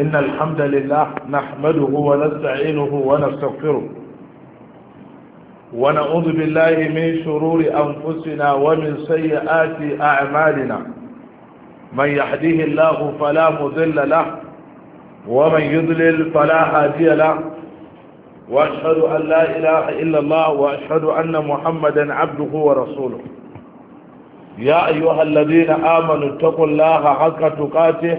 إن الحمد لله نحمده ونستعينه ونستغفره ونعوذ بالله من شرور أنفسنا ومن سيئات أعمالنا من يهديه الله فلا مذل له ومن يضلل فلا هادي له وأشهد أن لا إله إلا الله وأشهد أن محمدا عبده ورسوله يا أيها الذين آمنوا اتقوا الله حق تقاته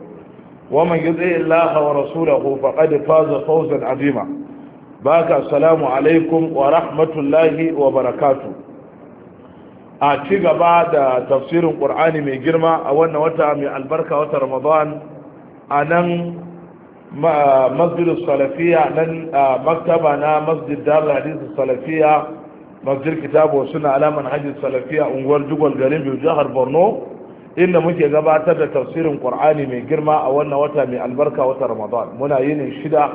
ومن يطع الله ورسوله فقد فاز فوزا عظيما باك السلام عليكم ورحمه الله وبركاته a ci gaba da tafsirin ƙur'ani mai girma a wannan wata mai albarka wata ramadan a nan masjidin salafiya nan maktaba na masjid darla hadisun salafiya masjid kitabo suna alaman hajji salafiya unguwar jugon garin biyu jihar borno inda muke gabatar da tafsirin qur'ani mai girma a wannan wata mai albarka wata ramadan muna yinin shida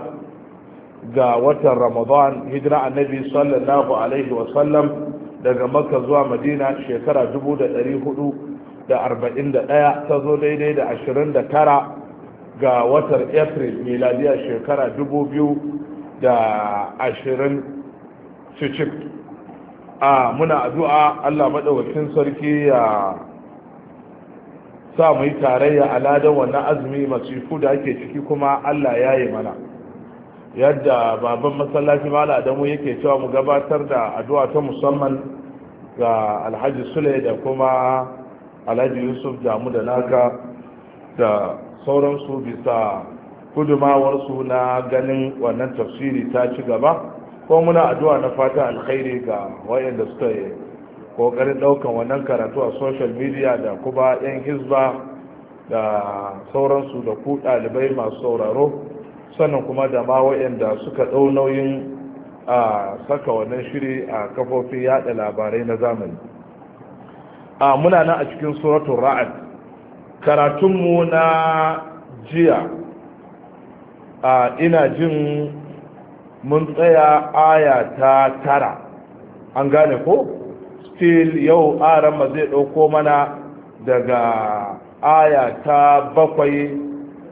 ga watan ramadan hijira annabi sallallahu alaihi wa sallam daga makka zuwa madina shekara 441 ta zo daidai da 29 ga watan april miladiya shekara 2020 cicik a muna addu'a allah maɗaukakin sarki ya sa mu yi tarayya a ladan wannan azumi masifu da ake ciki kuma Allah ya yi mana yadda baban masallaci mala adamu yake cewa mu gabatar da addu'a ta musamman ga alhaji sule da kuma alhaji yusuf damu da naka da sauransu bisa su na ganin wannan tafsiri ta ci gaba ko muna addu'a na fata alkhairi ga wayanda suka yi kokarin daukan wannan karatu a social media da kuma yan hizba da sauransu da ku dalibai masu sauraro sannan kuma da ma wayanda suka ɗau nauyin a saka wannan shiri a kafofin yada labarai na zamani a muna nan a cikin suratun ra'ad karatunmu na jiya a ina jin mun tsaya aya ta tara an gane ko fil yau arama zai ɗauko mana daga aya ta bakwai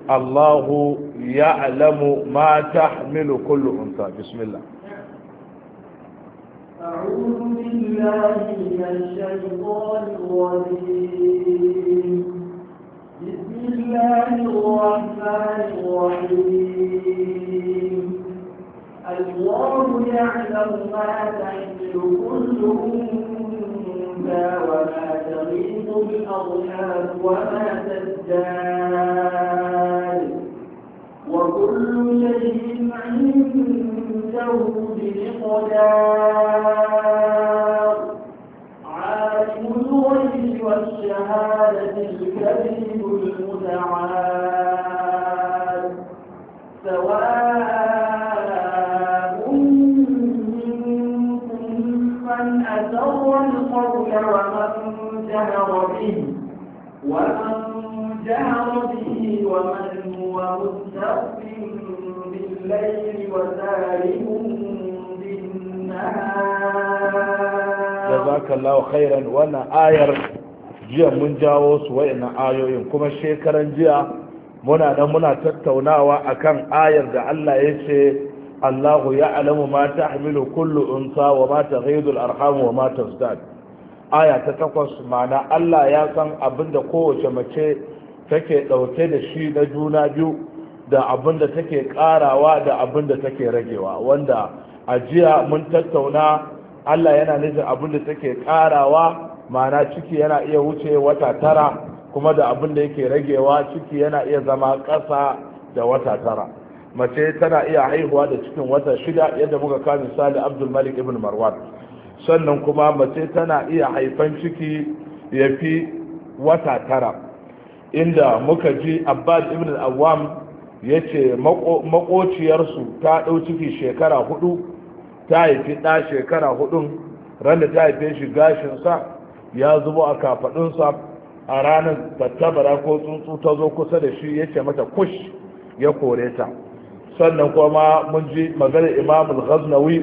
allahu ya alamu ma ta hamilu kullu unta bismillah أعوذ بالله من الشيطان الرجيم بسم الله الرحمن الرحيم الله يعلم ما تحمل كل أنثى وما تغيظ الأرحام وما تزداد وكل شيء عنده بمقدار عالم الغيب والشهادة الكبير المتعال سواء ومن جهر به ومن هو مستغف بالليل بالنهار. جزاك الله خيرا وانا آير جيا من جاوس وانا آيو ينكم الشيكرا جيا منا نمنا تتوناوا أكان آير دا الله يسي Allahu ya alamu mata hamilu kullu unsa wa mata taghidu al wa ma tazdad aya ta takwas ma'ana Allah ya san abinda kowace mace take dauke da shi na juna biyu da abinda take karawa da abinda take ragewa wanda a jiya mun tattauna Allah yana nufin abinda take karawa ma'ana ciki yana iya wuce wata tara kuma da abinda yake ragewa ciki yana iya zama ƙasa da wata tara mace tana iya haihuwa da cikin wata shida yadda muka ka misali abdul malik ibn marwan sannan kuma mace tana iya haifan ciki ya fi wata tara inda muka ji abbas ibn awam ya ce makociyarsu ta ɗau ciki shekara hudu ta haifi ɗa shekara hudun randa ta haife shi gashinsa ya zubo a kafaɗunsa a ranar tattabara ko tsuntsu ta zo kusa da shi ya ce mata kush ya kore ta sannan kuma mun ji maganar imam al-ghaznawi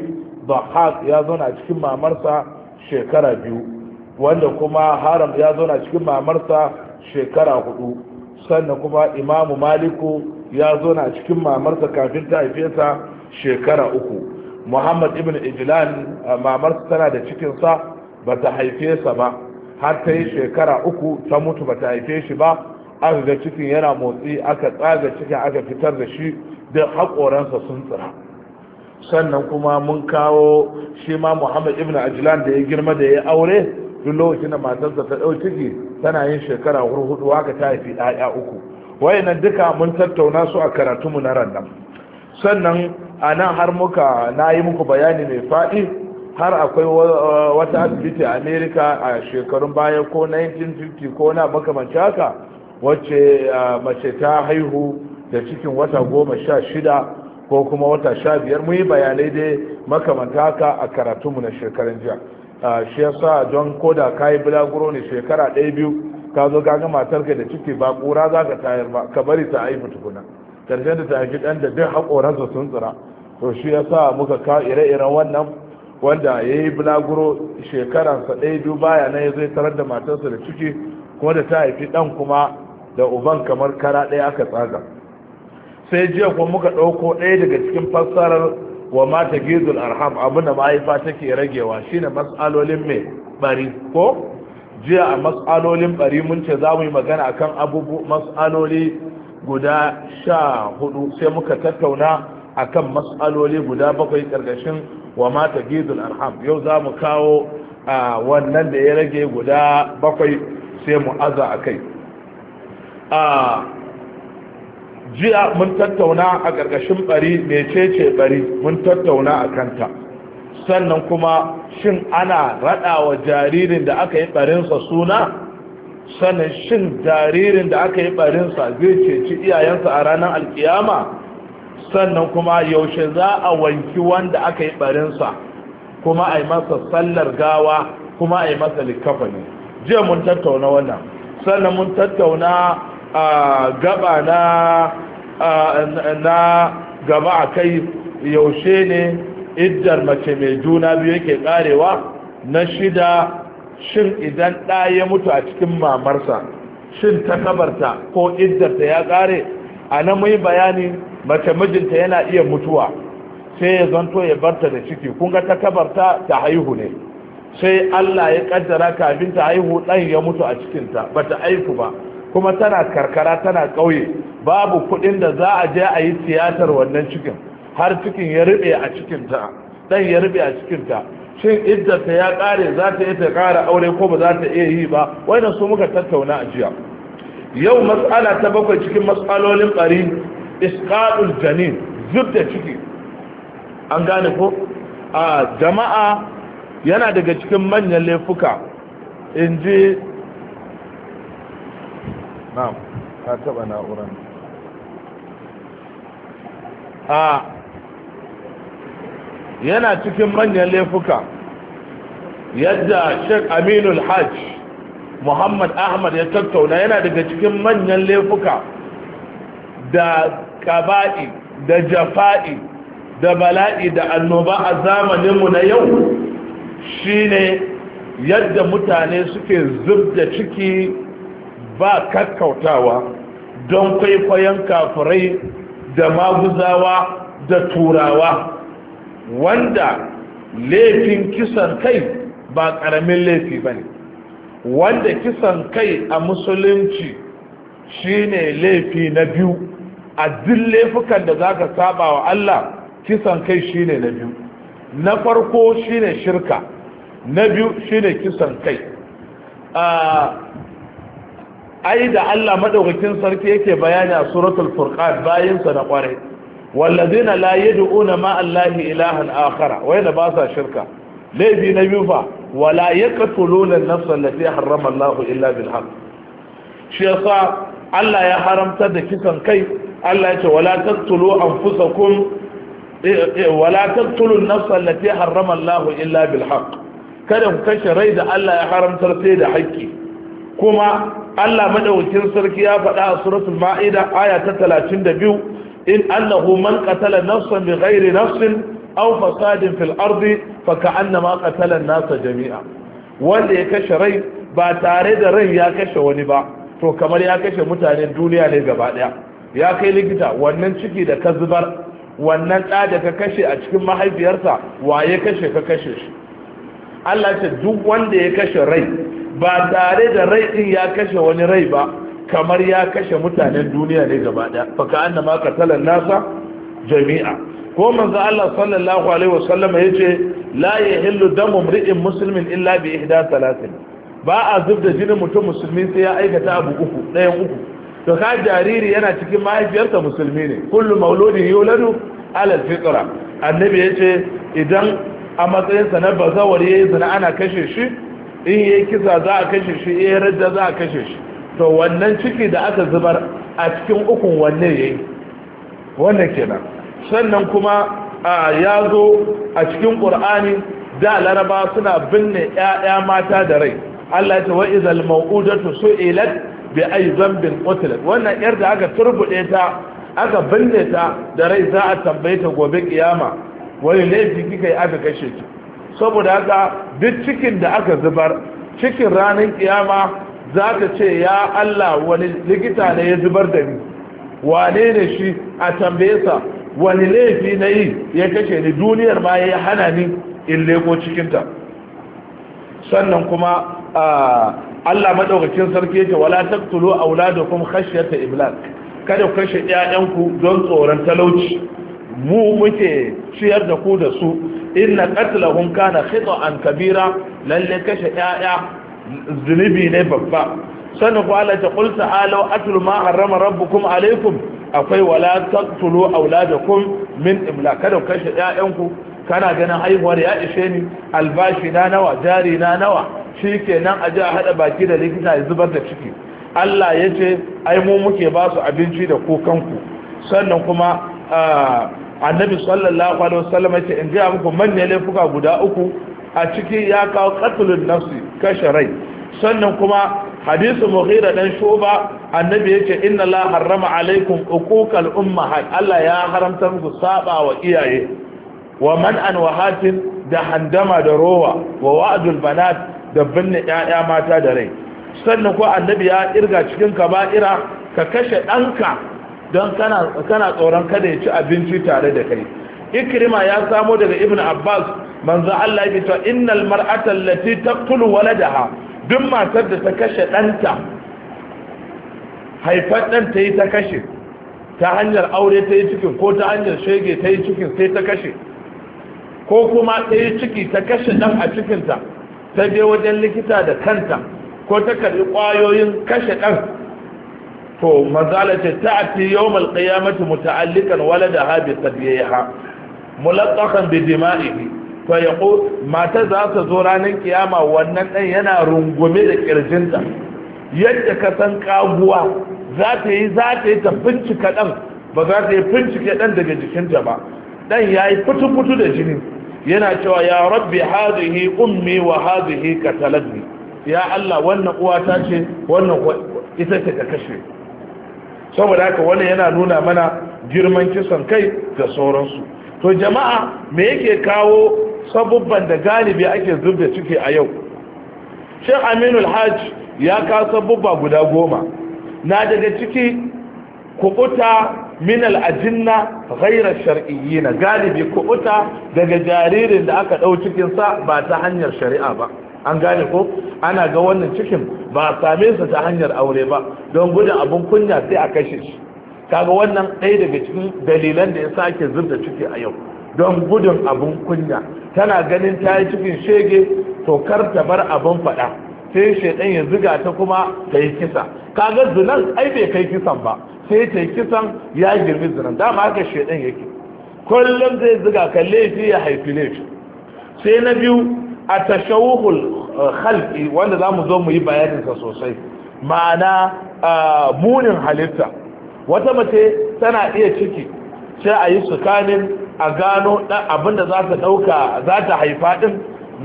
dhahak ya zauna a cikin mamarsa shekara biyu wanda kuma haram ya zauna a cikin mamarsa shekara hudu sannan kuma imam maliku ya zauna a cikin mamarsa kafin ta haife sa shekara uku muhammad ibn ijlan mamarsa tana da cikinsa ba ta haife sa ba har ta yi shekara uku ta mutu ba ta haife shi ba aka ga cikin yana motsi aka tsaga cikin aka fitar da shi da hakoransa sun tsira sannan kuma mun kawo shi ma muhammad ibn ajlan da ya girma da ya aure duk lokacin da matarsa ta ɗau ciki tana yin shekara hurhudu haka ta haifi ɗaya uku wayannan duka mun tattauna su a karatunmu na rannan sannan a nan har muka na yi muku bayani mai faɗi har akwai wata asibiti a america a shekarun baya ko 1950 ko na makamanci haka wacce mace ta haihu da cikin wata goma sha shida ko kuma wata sha biyar mu yi bayanai dai makamanta haka a karatunmu na shekarun jiya shi yasa don koda ka yi bulaguro ne shekara ɗaya biyu ka zo ka ga ka da ciki ba ƙura za ka tayar ba ka bari ta haifi tukuna karshen da ta haifi ɗan da duk su sun tsira to shi yasa muka ka ire-iren wannan wanda ya yi bulaguro sa ɗaya biyu baya na ya zai tarar da matarsa da ciki kuma da ta haifi ɗan kuma da uban kamar kara ɗaya aka tsaga sai jiya kuma muka ɗauko ɗaya daga cikin fassarar wa mata gizul arham abinda mahaifa take ragewa shine matsalolin mai bari ko jiya a matsalolin bari mun ce za mu yi magana akan abubu matsaloli guda sha hudu sai muka tattauna akan matsaloli guda bakwai ƙarƙashin wa mata gizul arham yau za mu kawo a wannan da ya rage guda bakwai sai mu aza a kai jiya mun tattauna a gargashin bari mecece bari mun tattauna a kanta sannan kuma shin ana wa jaririn da aka yi barinsa suna sannan shin jaririn da aka yi barinsa zai ceci iyayensa a ranar alkiyama sannan kuma yaushe za a wanki wanda aka yi barinsa kuma a yi masa sallar gawa kuma a yi masa likafani jiya mun tattauna wannan sannan mun tattauna gaba na na gaba a kai yaushe ne iddar mace mai juna biyu yake karewa na shida shin idan ɗa ya mutu a cikin mamarsa shin ta kabarta ko iddarta ya ƙare a nan mai bayani mace mijinta yana iya mutuwa sai ya zanto ya barta da ciki kun ga ta kabarta ta haihu ne sai Allah ya kaddara kafin ta haihu ɗan ya mutu a cikinta bata aiku ba kuma tana karkara tana ƙauye babu kuɗin da za a je a yi tiyatar wannan cikin har cikin ya rube a cikin ta ɗan ya rube a cikin ta. shin iddata ya ƙare za ta yi ta ƙara aure ko ba za ta iya yi ba wanda su muka tattauna a jiya yau mas'ala ta bakwai cikin mas'alolin ɓari isqalul janin zub ciki an gane ko a jama'a yana daga cikin manyan laifuka in ji na'am ta taba a yana cikin manyan laifuka yadda shek aminul hajj muhammad ahmad ya tattauna yana daga cikin manyan laifuka da kaba'i da jafa'i da bala'i da annoba a zamaninmu na yau shine yadda mutane suke zub da ciki ba kakkautawa don kwaikwayon kafirai da maguzawa da turawa wanda laifin kisan kai ba ƙaramin laifi ba ne wanda kisan kai a musulunci shine laifi na biyu a duk laifukan da za ka saba wa Allah kisan kai shine na biyu na farko shine shirka na biyu shine kisan kai ah, ai da Allah madaukakin sarki yake bayani a suratul furqan bayin sa na kware wallazina la yad'una ma allahi ilahan akhara wayanda ba sa shirka laifi na biyu fa wala yaqtuluna an-nafsa allati harrama Allah illa bil haqq shi yasa Allah ya haramta da kisan kai Allah ya ce wala taqtulu anfusakum eh, eh, wala taqtulu an-nafsa allati harrama Allah illa bil haqq kada ku kashe rai da Allah ya haramtar sai da haƙƙi kuma Allah madaukakin sarki ya faɗa a suratul ma'ida aya ta biyu, in annahu man qatala nafsan bighairi nafsin aw fasadin fil ardi fa ka'annama qatala an-nasa jami'a wanda ya kashe rai ba tare da rai ya kashe wani ba to kamar ya kashe mutanen duniya ne gaba daya ya kai likita wannan ciki da ka zubar wannan ɗa da ka kashe a cikin mahaifiyarsa waye kashe ka kashe shi Allah ce duk wanda ya kashe rai ba tare da rai din ya kashe wani rai ba kamar ya kashe mutanen duniya ne gaba daya faka annama qatalan nasa jami'a ko manzo Allah sallallahu alaihi wasallam yace la yahillu damu mri'in muslimin illa bi ihda thalathin ba a zubda jinin mutum musulmi sai ya aikata abu uku ɗayan uku to ka jariri yana cikin mahaifiyarsa musulmi ne kullu mauludin yuladu ala fitra annabi yace idan a matsayinsa na bazawar yayi zina ana kashe shi in yi kisa za a kashe shi ya yi rajja za a kashe shi to wannan ciki da aka zubar a cikin ukun wanne ya yi wannan kenan sannan kuma ya zo a cikin ƙur'ani da laraba suna binne 'ya'ya mata da rai Allah ya ce wa izal mau'udatu su'ilat bi ay zambin qutilat wannan yar da aka turbuɗe ta aka binne ta da rai za a tambaye ta gobe kiyama wani laifi kika yi aka kashe ki saboda haka duk cikin da aka zubar cikin ranar kiyama za ka ce ya Allah wani likita ne ya zubar da ni wane ne shi a tambaye sa wani laifi na yi ya kashe ni duniyar ma ya hana ni in leko cikinta sannan kuma Allah madaukakin sarki yake wala taqtulu auladakum khashyata iblak kada ku kashe 'ya'yanku don tsoron talauci mu muke ciyar da ku da su inna qatlahum kana khita'an kabira lalle kashe yaya zunubi ne babba sanin ku Allah ta qul ta'alu atlu ma harrama rabbukum alaykum akwai wala taqtulu auladakum min imla kada kashe yayanku kana ganin haihuwar ya ishe ni albashi na nawa jari na nawa shikenan a ji a hada baki da likita ya zubar da ciki Allah ya ce ai mu muke ba su abinci da ku sannan kuma ah, annabi sallallahu alaihi wasallam ya ce in ga muku manyan laifuka guda uku a ciki ya kawo qatlun nafsi kashe rai sannan kuma hadisu mughira dan shuba annabi yace inna la harrama alaikum uquqal ummahat Allah ya haramta muku saba wa iyaye wa man an wahatin da handama da rowa wa wa'dul banat da binne ƴaƴa mata da rai sannan ko annabi ya irga cikin kaba'ira ka kashe ɗanka don kana tsoron kada ya ci abinci tare da kai ikrima ya samo daga ibn abbas manzo Allah ya ce innal mar'ata allati taqtulu waladaha duk matar da ta kashe danta haifar dan ta yi ta kashe ta hanyar aure ta yi cikin ko ta hanyar shege ta yi cikin sai ta kashe ko kuma ta yi ciki ta kashe dan a cikinta ta je wajen likita da kanta ko ta karbi kwayoyin kashe dan to mazalata wala da haɓe qiyamati muta'allikan waladaha bi sabiha mulaqqan bi dima'ihi ya yaqul mata za ta zo ranar kiyama wannan ɗan yana rungume da ƙirjinta yadda ka san kaguwa za ta yi za ta yi ta bincika dan ba za ta yi bincike ɗan daga jikinta ba ya yayi fitu-fitu da jini yana cewa ya rabbi hadhihi ummi wa hadhihi qatalatni ya Allah wannan uwata ce wannan ita ce ta kashe saboda haka wannan yana nuna mana girman kisan kai da sauransu to jama'a me yake kawo sabubban da galibi ake zubda ciki a yau sheikh aminul hajj ya kawo sabubba guda goma na daga ciki kubuta min ajinna ghairar shar'iyyi na galibi kubuta daga jaririn da aka ɗau cikinsa ba ta hanyar shari'a ba an gane ko ana ga wannan cikin ba a same sa ta hanyar aure ba don gudun abin kunya sai a kashe shi kaga wannan ɗaya daga cikin dalilan da ya sake zubda ciki a yau don gudun abun kunya tana ganin ta yi cikin shege to kar ta bar abin faɗa sai shaidan ya ziga ta kuma ta yi kisa kaga zinan ai bai kai kisan ba sai ta yi kisan ya girbi zinan dama haka shaidan yake kullum zai ziga ka laifi ya haifi laifi sai na biyu a tashawuhul uh, khalqi wanda za mu zo mu yi bayaninsa sosai ma'ana uh, munin halitta wata mace tana iya ciki sai a yi sukanin a gano abinda za ta ɗauka za ta haifa ɗin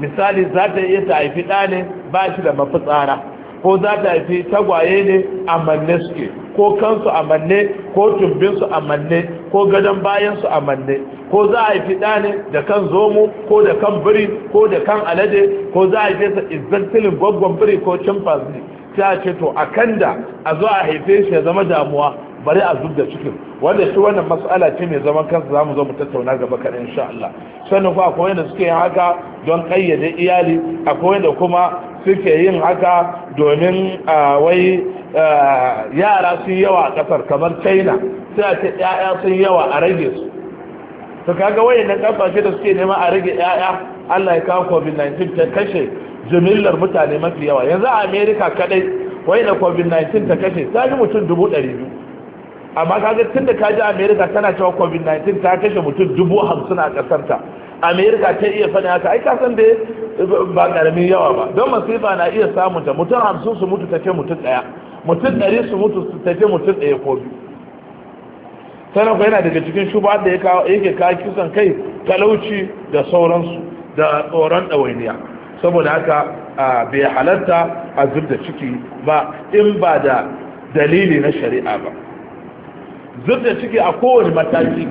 misali za ta iya ta haifi ɗa ne ba shi da mafitsara ko za ta haifi tagwaye ne a manne suke ko kansu a manne ko tumbinsu a manne ko gadon bayansu a manne ko za a haifi ɗa ne da kan zomo ko da kan biri ko da kan alade ko za a haife sa izantilin gwaggon biri ko chimpanzee sai a ce to a kan da a zo a haife shi ya zama damuwa bari a zub da cikin wanda shi wannan matsala ce mai zaman kansa mu zo mu tattauna gaba kaɗan insha Allah sannan kuma akwai wanda suke yin haka don kayyade iyali akwai wanda kuma suke yin haka domin wai yara sun yawa a ƙasar kamar China sai a ce 'ya'ya sun yawa a rage su to kaga wayannan kasashe da suke nema a rage yaya Allah ya kawo covid-19 ta kashe jimillar mutane mafi yawa yanzu a America kadai wayanda covid-19 ta kashe ta ji mutum dubu ɗari biyu amma kaga tun da kaji America tana cewa covid-19 ta kashe mutum dubu hamsin a ta America ta iya faɗin haka ai kasan da ba ƙaramin yawa ba don masifa na iya samunta mutum hamsin su mutu tafe mutum ɗaya mutum ɗari su mutu ta tafe mutum ɗaya ko biyu sannan yana daga cikin shuba da ya yake kawo kisan kai talauci da sauransu da tsoron ɗawainiya saboda haka bai halatta a zub da ciki ba in ba da dalili na shari'a ba zub da ciki a kowane mataki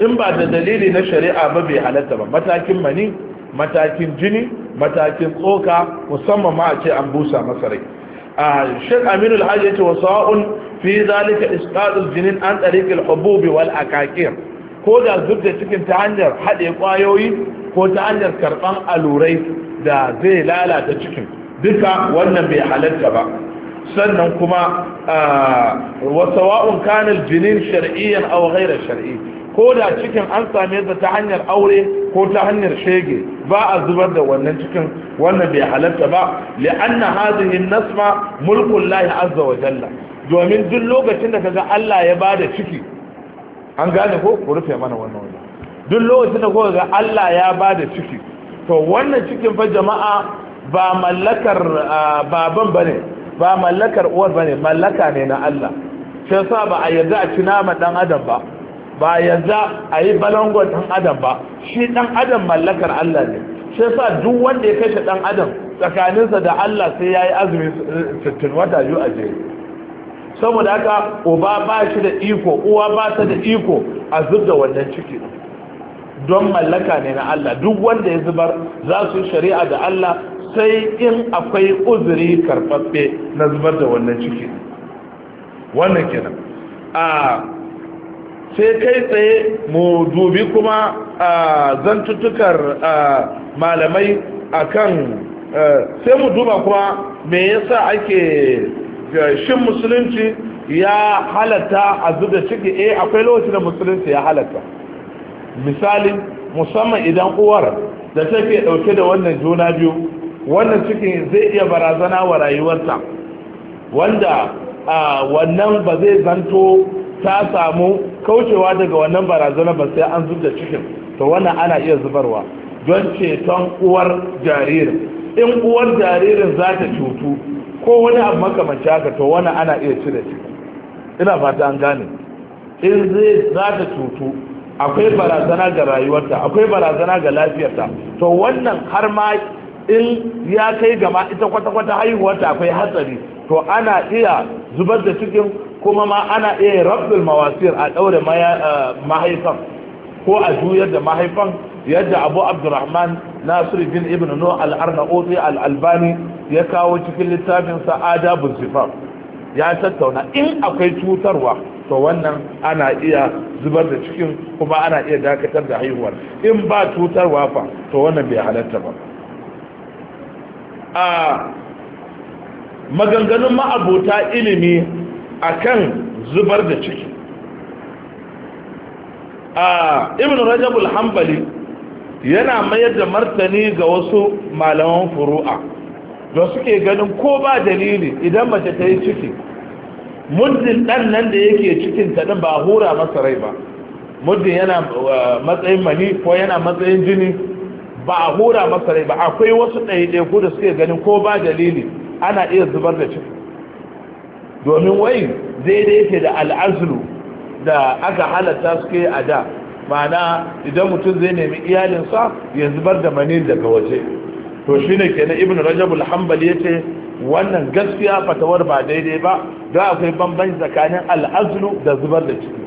in ba da dalili na shari'a ba bai halatta ba matakin mani matakin jini matakin tsoka musamman ma a ce an busa masarai. shek aminu alhaji yace wasa'un fi zalika isqadul jinin an tariqil hububi wal akakir ko da zub cikin ta hanyar hade kwayoyi ko ta hanyar karban alurai da zai lalata cikin duka wannan bai halarta ba sannan kuma wasawa'un kanal jinin shar'iyyan aw ghayra shar'i ko da cikin an same ta ta hanyar aure ko ta hanyar shege ba a zubar da wannan cikin wannan bai halatta ba li'anna hadhihi nasma mulkul lahi azza wa jalla domin duk lokacin da kaga Allah ya bada ciki an gane ko ku rufe mana wannan wajen duk lokacin da kuka ga Allah ya bada ciki to wannan cikin fa jama'a ba mallakar baban bane ba mallakar uwar bane mallaka ne na Allah sai sa ba a yarda a ci nama dan adam ba ba yanzu a yi balangon ɗan adam ba shi ɗan adam mallakar Allah ne sai sa duk wanda ya kashe ɗan adam tsakaninsa da Allah sai ya yi azumi sittin wata biyu a jere saboda haka uba ba shi da iko uwa ba ta da iko a zub da wannan ciki don mallaka ne na Allah duk wanda ya zubar za su yi shari'a da Allah sai in akwai uzuri karfaffe na zubar da wannan ciki wannan kenan ah, sai kai tsaye mu dubi kuma a zantuttukar malamai akan sai mu duba kuma me yasa ake shin musulunci ya halatta a zuba ciki eh akwai lokacin da musulunci ya halatta misali musamman idan uwar da take dauke da wannan juna biyu wannan cikin zai iya barazana wa rayuwarta wanda wannan ba zai zanto ta samu kaucewa daga wannan barazana ba sai an zub da cikin to wannan ana iya zubarwa don ceton uwar jaririn in uwar jaririn za ta cutu ko wani abu makamanci haka to wannan ana iya cire ciki ina fata an gane in zai za ta cutu akwai barazana ga rayuwarta akwai barazana ga lafiyarta to wannan har ma in ya kai gama ita kwata-kwata haihuwarta akwai hatsari to ana iya zubar da cikin kuma ma ana iya rabdul mawasir a daure eh, mahaifan ko a juyar da mahaifan yadda abu abdurrahman bin ibn nu al-arnaudi al-albani ya kawo cikin littafin sa adabu ya tattauna in akwai cutarwa to wannan ana iya zubar da cikin kuma ana iya dakatar da haihuwar in ba cutarwa fa to wannan bai halatta ba ah, maganganun ma'abuta ilimi akan zubar da ciki a ibn rajab hambali yana mayar da martani ga wasu malaman furu'a da suke ganin ko ba dalili idan mace ta yi ciki muddin ɗan nan da yake cikin taɗin ba hura masa rai ba muddin yana eh, matsayin mani ko yana matsayin jini ba a hura masa rai ba akwai wasu ɗaiɗaiku da suke ganin ko ba dalili ana iya zubar da ciki domin wai daidai ke da al'azlu da aka halatta suke a da ma'ana idan mutum zai nemi iyalinsa ya zubar da mani daga waje to shi ne kenan ibn rajabul hanbali ya ce wannan gaskiya fatawar ba daidai ba da akwai bambanci tsakanin al'azlu da zubar da ciki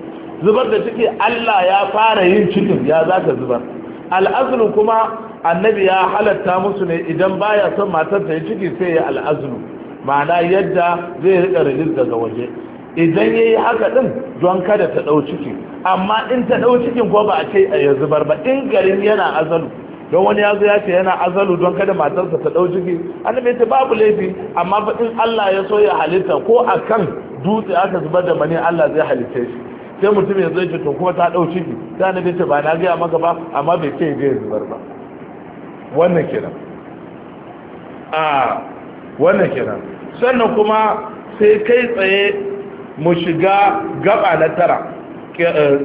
zubar da ciki allah ya fara yin cikin ya za ka zubar al'azlu kuma annabi ya halatta musu ne idan baya son matar ya ciki sai ya al'azlu ma'ana yadda zai rika rilis daga waje idan ya yi haka din don kada ta ɗau ciki amma in ta ɗau cikin ko ba a ce a ya zubar ba in garin yana azalu don wani ya zo ya ce yana azalu don kada matarsa ta ɗau ciki annabi ta babu laifi amma ba in Allah ya so ya halitta ko a kan dutse aka zubar da mani Allah zai halitta shi sai mutum ya zai ce to kuma ta ɗau ciki sai annabi ta ba na gaya maka ba amma bai ce zai zubar ba wannan kenan wannan kenan sannan kuma sai kai tsaye mu shiga gaɓa na tara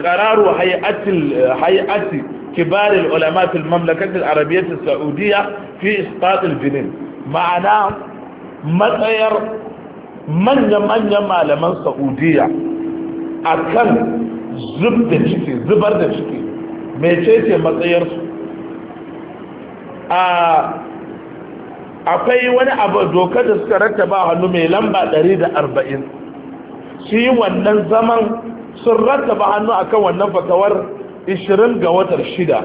kararu eh, hayatil eh, hayati kibar ulama fil mamlakat al saudiyya fi isbat al ma'ana matsayar manyan manyan malaman saudiyya akan zubar da ciki mai ce matsayarsu akwai wani abu dokar da suka rata ba hannu mai lamba 140 shi wannan zaman sun rata ba hannu akan wannan fatawar 20 ga watar shida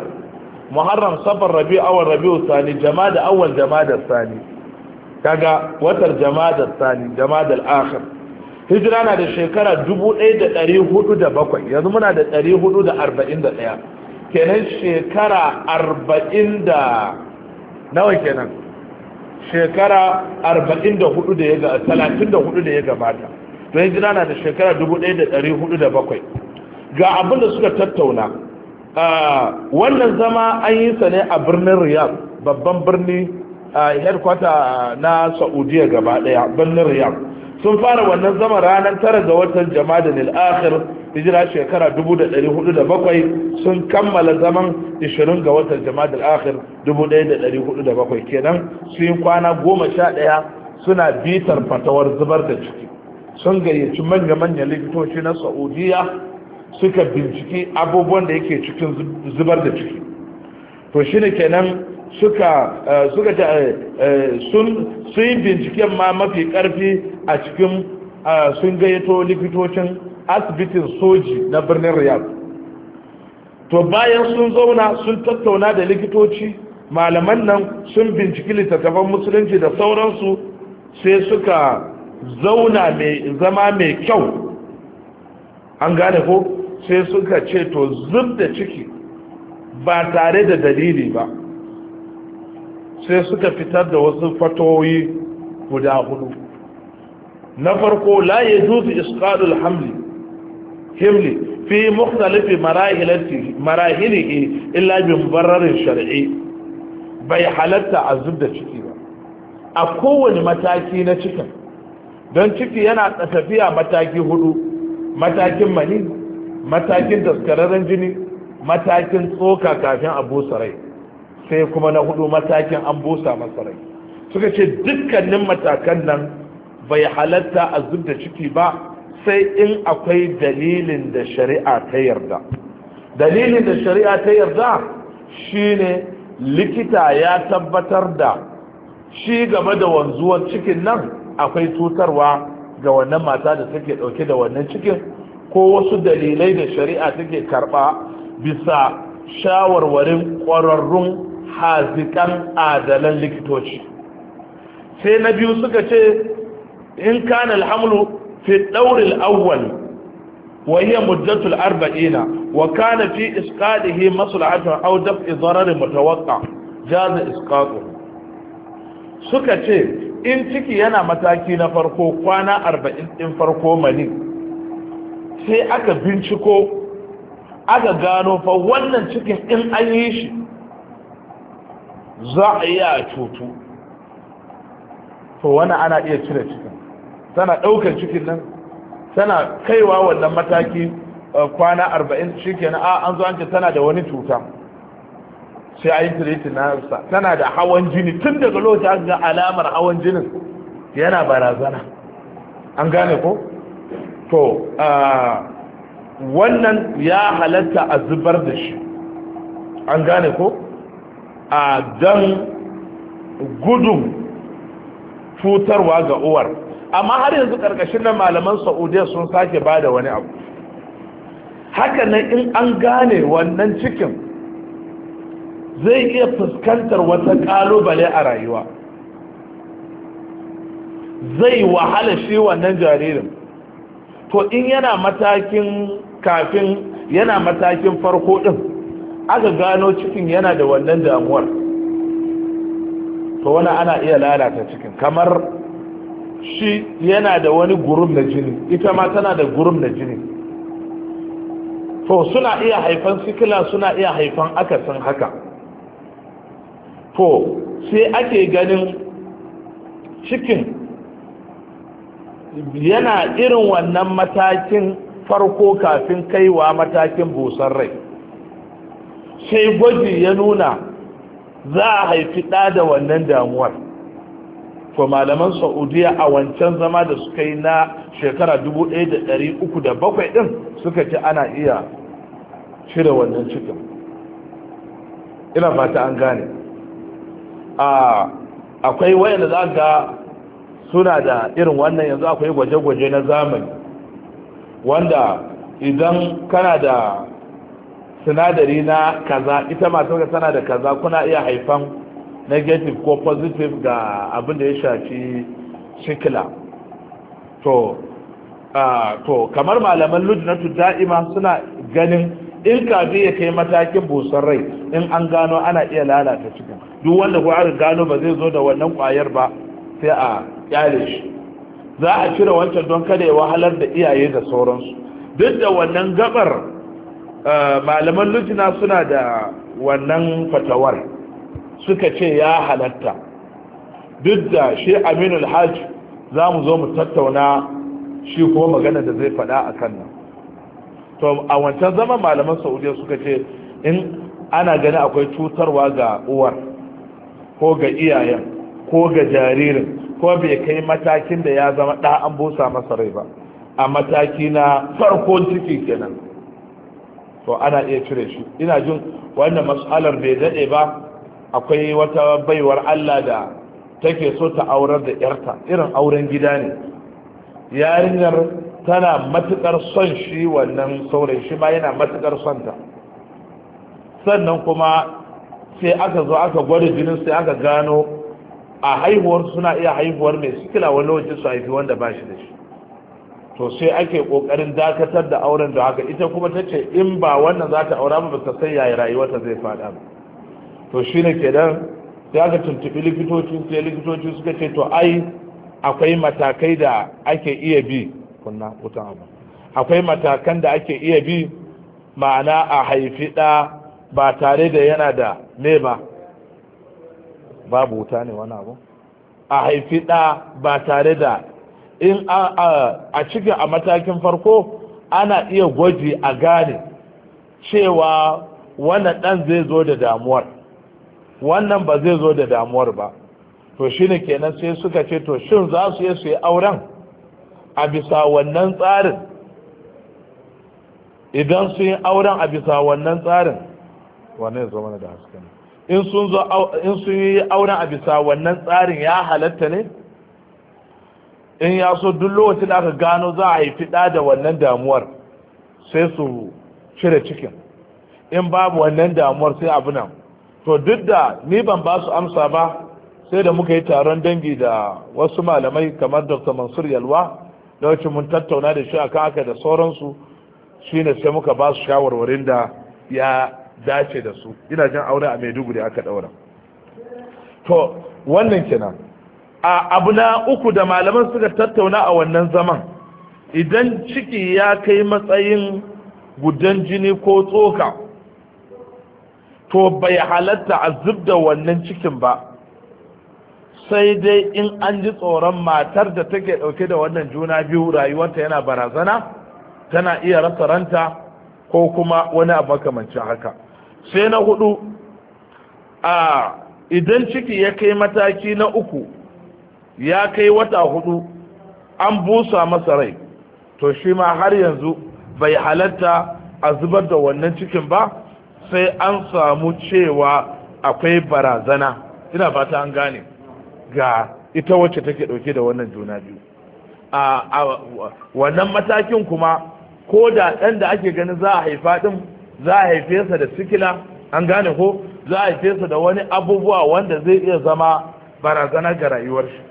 muharram safar rabi awal rabi sani jama'a da awal jama'a sani kaga watar jama'a sani jama'a da al'akhir hijira na da shekara 1407 yanzu muna da 441 kenan shekara 40 nawa kenan shekara 44 da ya ga 34 da ya gabata to yanzu na da shekara 1407 ga abin da suka tattauna wannan zama an yi sa ne a birnin riyadh babban birni headquarter na saudiya gaba daya birnin riyadh sun fara wannan zama ranar tara ga watan jama'a al-akhir hijira shekara 1407 sun kammala zaman 20 ga watan jama'a al-akhir 1407 kenan su yi kwana 11 suna bitar fatawar zubar da ciki sun gayyaci manya-manyan likitoci na saudiya suka binciki abubuwan da yake cikin zubar da ciki to shi ne kenan suka eh, suka eh, eh, sun sun binciken ma mafi karfi a cikin sun gayyato likitocin asibitin soji na birnin riyadh to bayan sun zauna sun tattauna da likitoci malaman nan sun binciki littattafan musulunci da sauransu sai suka zauna mai zama mai kyau an gane ko sai suka ce to zub da ciki ba tare da dalili ba sai suka fitar da wasu fatoyi guda hudu na farko la ya juzu isqalul hamli himli fi mukhtalifi marahilati marahilihi illa bin bararin shari'i bai halatta a da ciki ba a kowane mataki na cikin don ciki yana tafiya mataki hudu matakin mani matakin daskararren jini matakin tsoka kafin abu sarai sai kuma na hudu matakin an busa masarai suka ce dukkanin matakan nan bai halatta a zub da ciki ba sai in akwai dalilin da shari'a ta yarda dalilin da shari'a ta yarda shine likita ya tabbatar da shi game da wanzuwar cikin nan akwai cutarwa ga wannan mata da suke dauke da wannan cikin ko wasu dalilai da shari'a take karba bisa shawarwarin kwararrun. hazikan adalan likitoci sai na biyu suka ce in kana alhamlu fi dauril awwal wa hiya muddatul arba'ina wa kana fi isqadihi maslahatun aw daf'i darar mutawaqqa jaza isqatu suka ce in ciki yana mataki na farko kwana arba'in ɗin farko mani sai aka binciko aka gano fa wannan cikin in an yi shi za a yi a cutu to wani ana iya cire cikin tana ɗaukar cikin nan tana kaiwa wannan mataki eh, kwana arba'in cikin a an zo an tana da wani cuta sai a yi tiriti na sa tana da hawan jini tun daga lokacin ga alamar hawan jinin yana barazana an gane ko to eh, wannan ya halatta a zubar da shi an gane ko a don gudun cutarwa ga uwar amma har yanzu karkashin nan malaman saudiya sun sake bada wani abu haka nan in an gane wannan cikin zai iya fuskantar wata kalubale a rayuwa zai wahala shi wannan jaririn to in yana matakin kafin yana matakin farko din aka gano cikin yana da wannan damuwar to wani ana iya lalata cikin kamar shi yana da wani gurum na jini ita ma tana da gurum na jini to suna iya haifan sikila suna iya haifan akasin haka to sai ake ganin cikin yana irin wannan matakin farko kafin kaiwa matakin busar rai sai gwaji ya nuna za a haifi ɗa da wannan damuwar to malaman saudiya a wancan zama da suka yi na shekara 1307 din suka ce ana iya cire wannan cikin ina fata an gane akwai wayanda za ga suna da irin wannan yanzu akwai gwaje-gwaje na zamani wanda idan kana da sinadari na kaza ita matar tana da kaza kuna iya haifan negative ko positive ga abin da ya shafi shikila to to kamar malaman lujnatu da'ima suna ganin in kafi ya kai matakin busar rai in an gano ana iya lalata cikin duk wanda ko aka gano ba zai zo da wannan kwayar ba sai a kyale shi za a cire wancan don kada ya wahalar da iyaye da sauransu duk da wannan gabar Eh, malaman lujina suna da wannan fatawar suka ce ya halatta duk da shi aminul hajj za mu zo mu tattauna shi ko magana da zai faɗa a kan nan to a wancan zaman malaman saudiya suka ce in ana gani akwai cutarwa ga uwar ko ga iyayen ko ga jaririn ko bai kai matakin da ya zama ɗa an busa masa rai ba a mataki na farko ciki kenan to ana iya cire shi ina jin wannan mas'alar bai daɗe ba akwai wata baiwar Allah da take so ta aurar da yarta irin auren gida ne yarinyar tana matukar son shi wannan saurayi shi ma yana matukar son ta sannan kuma sai aka zo aka gwada jinin sai aka gano a haihuwar suna iya haihuwar mai sikila wani lokaci su haifi wanda ba shi da shi to sai ake kokarin dakatar da auren da haka ita kuma ta ce in ba wannan za ta aura ba ta sai yaya rayuwarta zai faɗa ba to shi ne dan sai aka tuntubi likitoci sai likitoci suka ce to ai akwai matakai da ake iya bi kunna wutan abu akwai matakan da ake iya bi ma'ana a haifi ɗa ba tare da yana da me ba babu wuta ne wani abu a haifi ɗa ba tare da in a a a matakin farko ana iya gwaji a gane cewa wannan ɗan zai zo da damuwar wannan ba zai zo da damuwar ba to shine kenan sai suka ce to shin za su yi su yi auren a bisa wannan tsarin idan sun yi auren a bisa wannan tsarin wannan ya mana da haske in sun yi auren a bisa wannan tsarin ya halatta ne in ya so duk lokacin aka gano za a yi ɗa da wannan damuwar sai su cire cikin in babu wannan damuwar sai abu nan to duk da ni ban ba su amsa ba sai da muka yi taron dangi da wasu malamai kamar dr mansur yalwa lokacin mun tattauna da shi akan aka da sauransu shi ne sai muka ba su shawarwarin da ya dace da su ina jin aure a maiduguri aka ɗaura to wannan kenan a abu na uku da malaman suka tattauna a wannan zaman idan ciki ya kai matsayin gudan jini ko tsoka to bai halatta a zub da wannan cikin ba sai dai in an ji tsoron matar da take dauke da wannan juna biyu rayuwarta yana barazana tana iya rasa ranta ko kuma wani abu makamancin haka sai na hudu a idan ciki ya kai mataki na uku ya kai wata hudu an busa masa rai to shi ma har yanzu bai halatta a zubar da wannan cikin ba sai an samu cewa akwai barazana ina fata an gane ga ita wacce take dauke da wannan juna biyu a wannan matakin kuma ko da ɗan da ake ganin za a haifa ɗin za a haife sa da sikila an gane ko za a haife sa da wani abubuwa wanda zai iya zama barazana ga rayuwar shi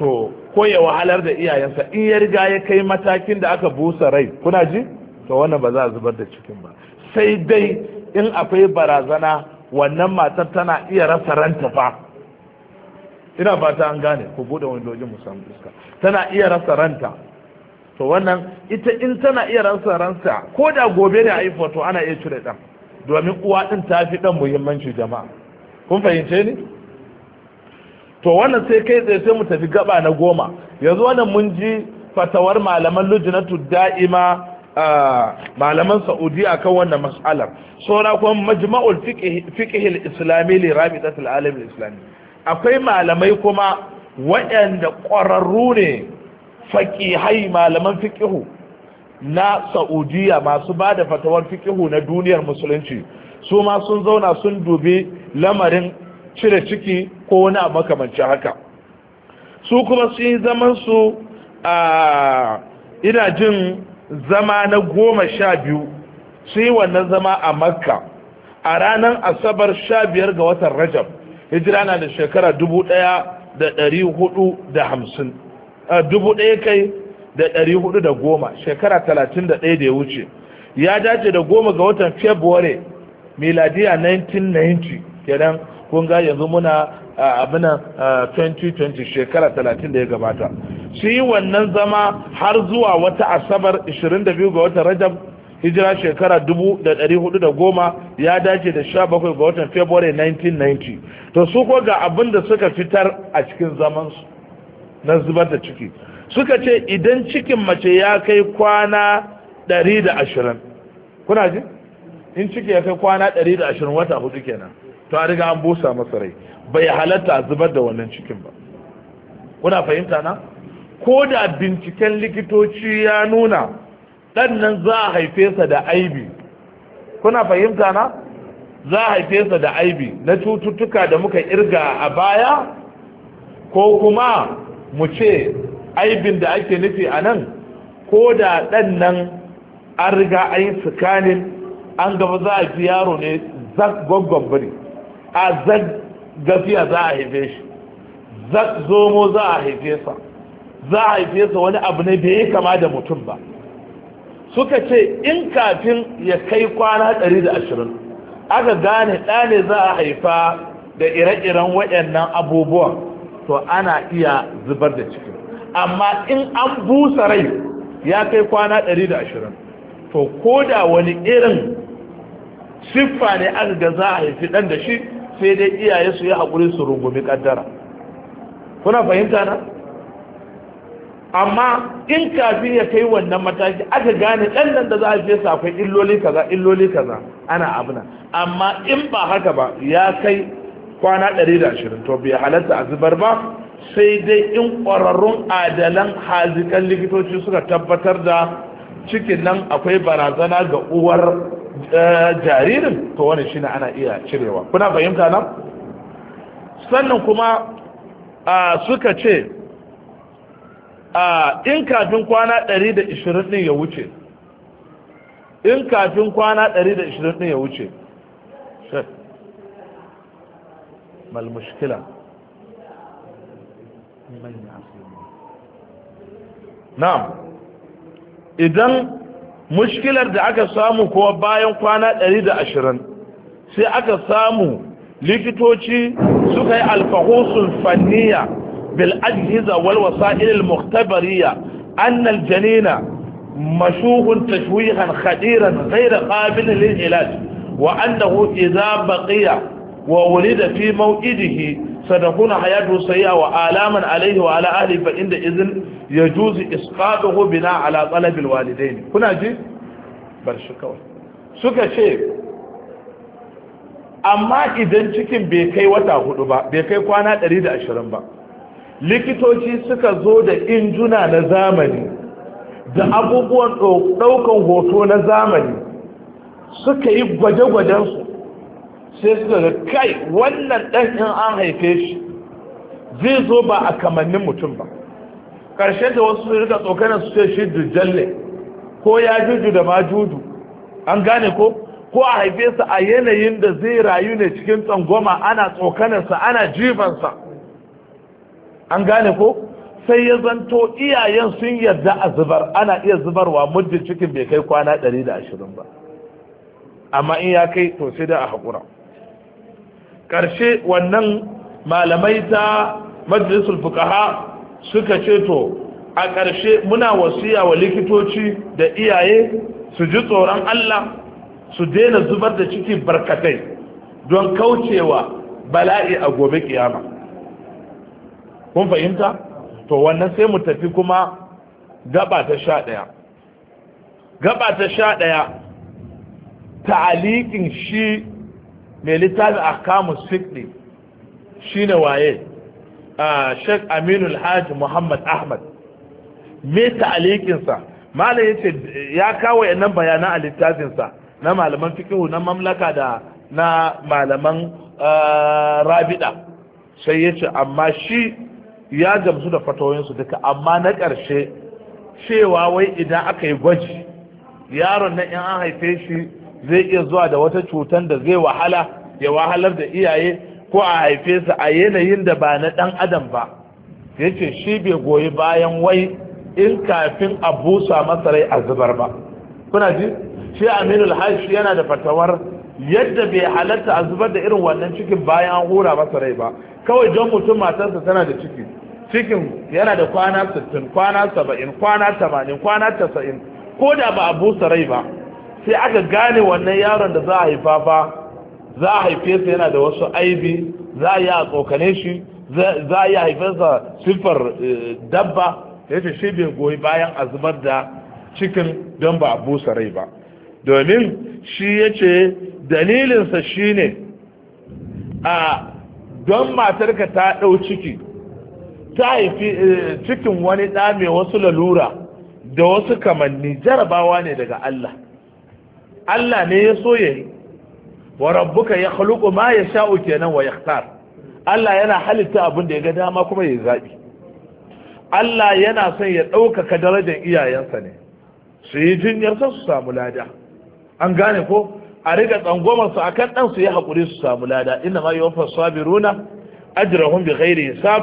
to ko ya wahalar da iyayensa in ya riga ya kai matakin da aka busa rai kuna ji to wannan ba za a zubar da cikin ba sai dai in akwai barazana wannan matar tana iya rasa ranta fa ina ta an gane ku bude windojin mu samu iska tana iya rasa ranta to wannan ita in tana iya rasa ranta ko da gobe ne a yi foto ana iya cire dan domin uwa din ta fi dan muhimmanci jama'a kun fahimce ni to wannan sai kai tsaye sai mu tafi gaba na goma yanzu wannan mun ji fatawar malaman lujinatu da'ima malaman saudi kan wannan mas'alar saura kuma majma'ul fiƙihil islami li rabitatul alam islami akwai malamai kuma waɗanda ƙwararru ne faqihai malaman fiqhu na saudiya masu ba da fatawar fiqhu na duniyar musulunci su ma sun zauna sun dubi lamarin cire ciki ko wani abu makamancin haka su kuma sun yi zaman su a ina jin zama na goma sha biyu sun yi wannan zama a makka a ranar asabar sha biyar ga watan rajab hijira na da shekara dubu daya da dari hudu da hamsin dubu daya kai da dari hudu da goma shekara talatin da ɗaya da ya wuce ya dace da goma ga watan february miladiya 1990 kenan kun ga yanzu muna abinan 2020 shekara 30 da ya gabata shi wannan zama har zuwa wata asabar 22 ga watan rajab hijira shekara 1410 ya dace da 17 ga watan february 1990 to su ko ga abin da suka fitar a cikin zamansu na zubar da ciki suka ce idan cikin mace ya kai kwana 120 kuna ji in ciki ya kai kwana 120 wata hudu kenan to a riga an busa masa rai bai halatta zubar da wannan cikin ba kuna fahimta na ko da binciken likitoci ya nuna ɗan nan za a haife sa da aibi kuna fahimta na za a haife sa da aibi na cututtuka da muka irga a baya ko kuma mu ce aibin da ake nufi a nan ko da ɗan nan an riga an yi tsakanin, an gaba za a ji yaro ne zag gwaggon biri a zag gafiya za a haife shi zag zomo za a haife sa za a haife sa wani abu ne bai kama da mutum ba suka ce in kafin ya kai kwana 120 aka gane ɗane za a haifa da ire-iren waɗannan abubuwan to ana iya zubar da ciki. amma in an busa rai ya kai kwana 120 to ko da wani irin siffa ne aka ga za a haifi ɗan da shi sai dai iyaye su yi haƙuri su rungumi ƙaddara kuna fahimta na amma in kafin ya kai wannan mataki aka gane ɗan nan da za a je akwai illoli kaza illoli kaza ana abuna amma in ba haka ba ya kai kwana 120 to bai halatta a zubar ba sai dai in ƙwararrun adalan hazikan likitoci suka tabbatar da cikin nan akwai barazana ga uwar Eh, jaririn to wani shine ana iya cirewa kuna fahimta nan sannan kuma suka ce in kafin kwana 120 din ya wuce in kafin kwana 120 din ya wuce mal mushkila na'am idan. mushkilar da aka samu kuwa bayan kwana 120 sai aka samu likitoci suka yi alfahusun fanniya bil ajhiza wal muktabariya al janina mashuhun tashwihan khadiran ghayra qabil lil ilaj wa annahu idha baqiya wa wulida fi maw'idihi sadakuna hayatu sayya wa alaman alayhi wa ala ahli fa inda idhin yajuzu isqaduhu bina ala walidai ne kuna ji bar shi kawai suka ce amma idan cikin bai kai wata hudu ba bai kai kwana 120 ba likitoci suka zo da injuna na zamani da abubuwan daukan hoto na zamani suka yi gwaje gwajen su, sai suka ga kai wannan ɗan in an haife shi zai zo ba a kamannin mutum ba Karshe da wasu rika tsokanar su ce shi dujjalle ko ya juju da ma juju an gane ko ko a haife sa a yanayin da zai rayu ne cikin tsangwama ana tsokanarsa ana jibansa an gane ko sai ya zanto iyayen sun yarda a zubar ana iya zubarwa muddin cikin bai kai kwana 120 ba amma in ya kai to sai da a haƙura ƙarshe wannan malamai ta majalisul fukaha suka ce to a ƙarshe muna wasiya wa likitoci da iyaye su ji tsoron Allah su daina zubar da ciki barkatai don kaucewa bala'i a gobe kiyama kun fahimta to wannan sai mu tafi kuma gaba ta sha ɗaya gaba ta sha ɗaya ta'aliƙin shi mai littafin akamus fiɗi shi ne waye shek Aminu Alhaji muhammad ahmad me ta'alikinsa malam ya ce ya kawo nan bayanan a littafinsa na malaman fikihu na mamlaka da na malaman rabida sai yace ce amma shi ya gamsu da fatoyinsu duka amma na ƙarshe cewa wai idan aka yi gwaji yaron nan in an haife shi zai iya zuwa da wata cutar da zai wahala ya wahalar da iyaye ko a haife su a yanayin da ba na ɗan adam ba ya ce shi bai goyi bayan wai in kafin a busa masarai a zubar ba kuna ji shi aminul alhaji yana da fatawar yadda bai halatta a zubar da irin wannan cikin bayan an hura masarai ba kawai don mutum matarsa tana da ciki cikin yana da kwana 60 kwana 70 kwana 80 kwana 90 ko da ba a busa rai ba sai aka gane wannan yaron da za a haifa ba. za a haife sa yana da wasu aibi za a yi a tsokane shi za a yi haife sa siffar eh, dabba ya ce shi bai goyi bayan a zubar da cikin don ba a busa rai ba domin shi ya ce dalilinsa shi ne a don matarka ta ɗau ciki ta haifi eh, cikin wani ɗa mai wasu lalura da wasu kamanni jarabawa ne daga Allah Allah ne ya so ya wa rabbuka ya khuluqu ma yasha'u kenan wa yakhtar Allah yana halitta abinda da ya ga dama kuma ya zabi Allah yana son ya ɗaukaka darajar iyayensa ne su yi jinyarsa su samu lada an gane ko a riga tsangomarsu akan ɗan su ya haƙuri su samu lada inna ma runa, fasabiruna ajrahum bi ghairi hisab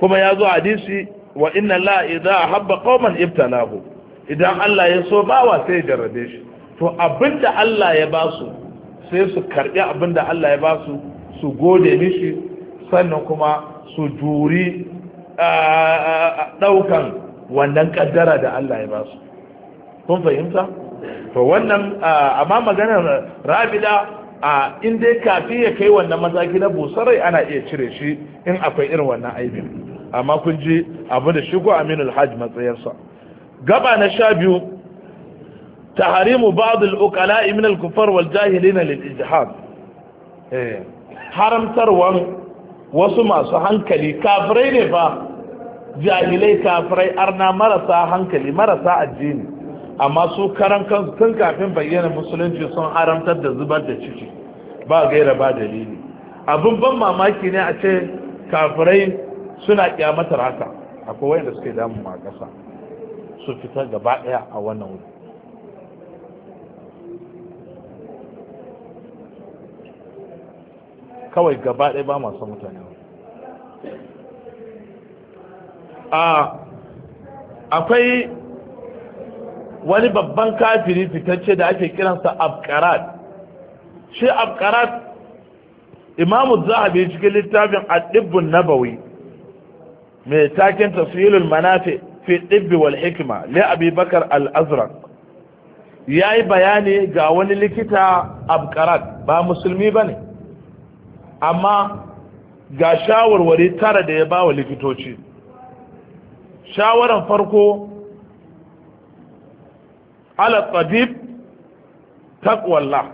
kuma ya zo hadisi wa inna la idza habba qauman ibtalahu idan Allah ya so bawa sai ya jarrabe shi to abinda Allah ya ba su sai su karɓi abin da Allah ya ba su su gode mishi sannan kuma su juri ɗaukan wannan kaddara da Allah ya ba su kun fahimta to wannan amma maganar rabida a in dai kafi ya kai wannan mazaki na busarai ana iya cire shi in akwai irin wannan aibin amma kun ji abu da shigo aminul hajj matsayarsa gaba na sha biyu taharimu ba'd al-uqala min al-kuffar wal jahilin lil wasu masu hankali kafirai ne fa jahilai kafirai arna marasa hankali marasa addini amma su karan kansu tun kafin bayyana musulunci sun haramtar da zubar da ciki ba gaira ba dalili abin ban mamaki ne a ce kafirai suna kyamatar haka akwai wanda suke damu ma kasa su fita gaba daya a wannan wuri kawai gaba ɗaya ba masu mutane a akwai wani babban kafiri fitacce da ake kiransa abkarat shi abkarat imamu zahabi cikin littafin addibbun nabawi mai takin tasirul manafi fi ɗibbi wal hikima li abi bakar al-azraq ya yi bayani ga wani likita abkarat ba musulmi ba ne amma ga shawarwari tara da ya ba wa likitoci shawaran farko ala tabib takwalla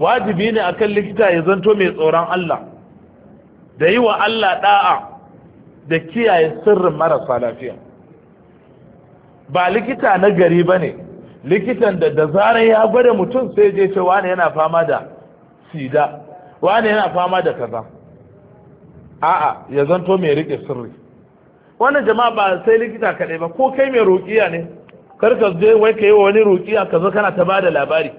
wajibi ne akan likita ya zanto mai tsoron Allah da yi wa Allah da'a da kiyaye sirrin marasa lafiya ba likita na gari ba ne likitan da da zarar ya gwada mutum sai je cewa ne yana fama da sida wani yana fama da kaza a'a ya zanto mai rike sirri wannan jama'a ba sai likita kaɗai ba ko kai mai ruƙiya ne kar ka je wai ka yi wa wani ruƙiya ka zo kana ta bada labari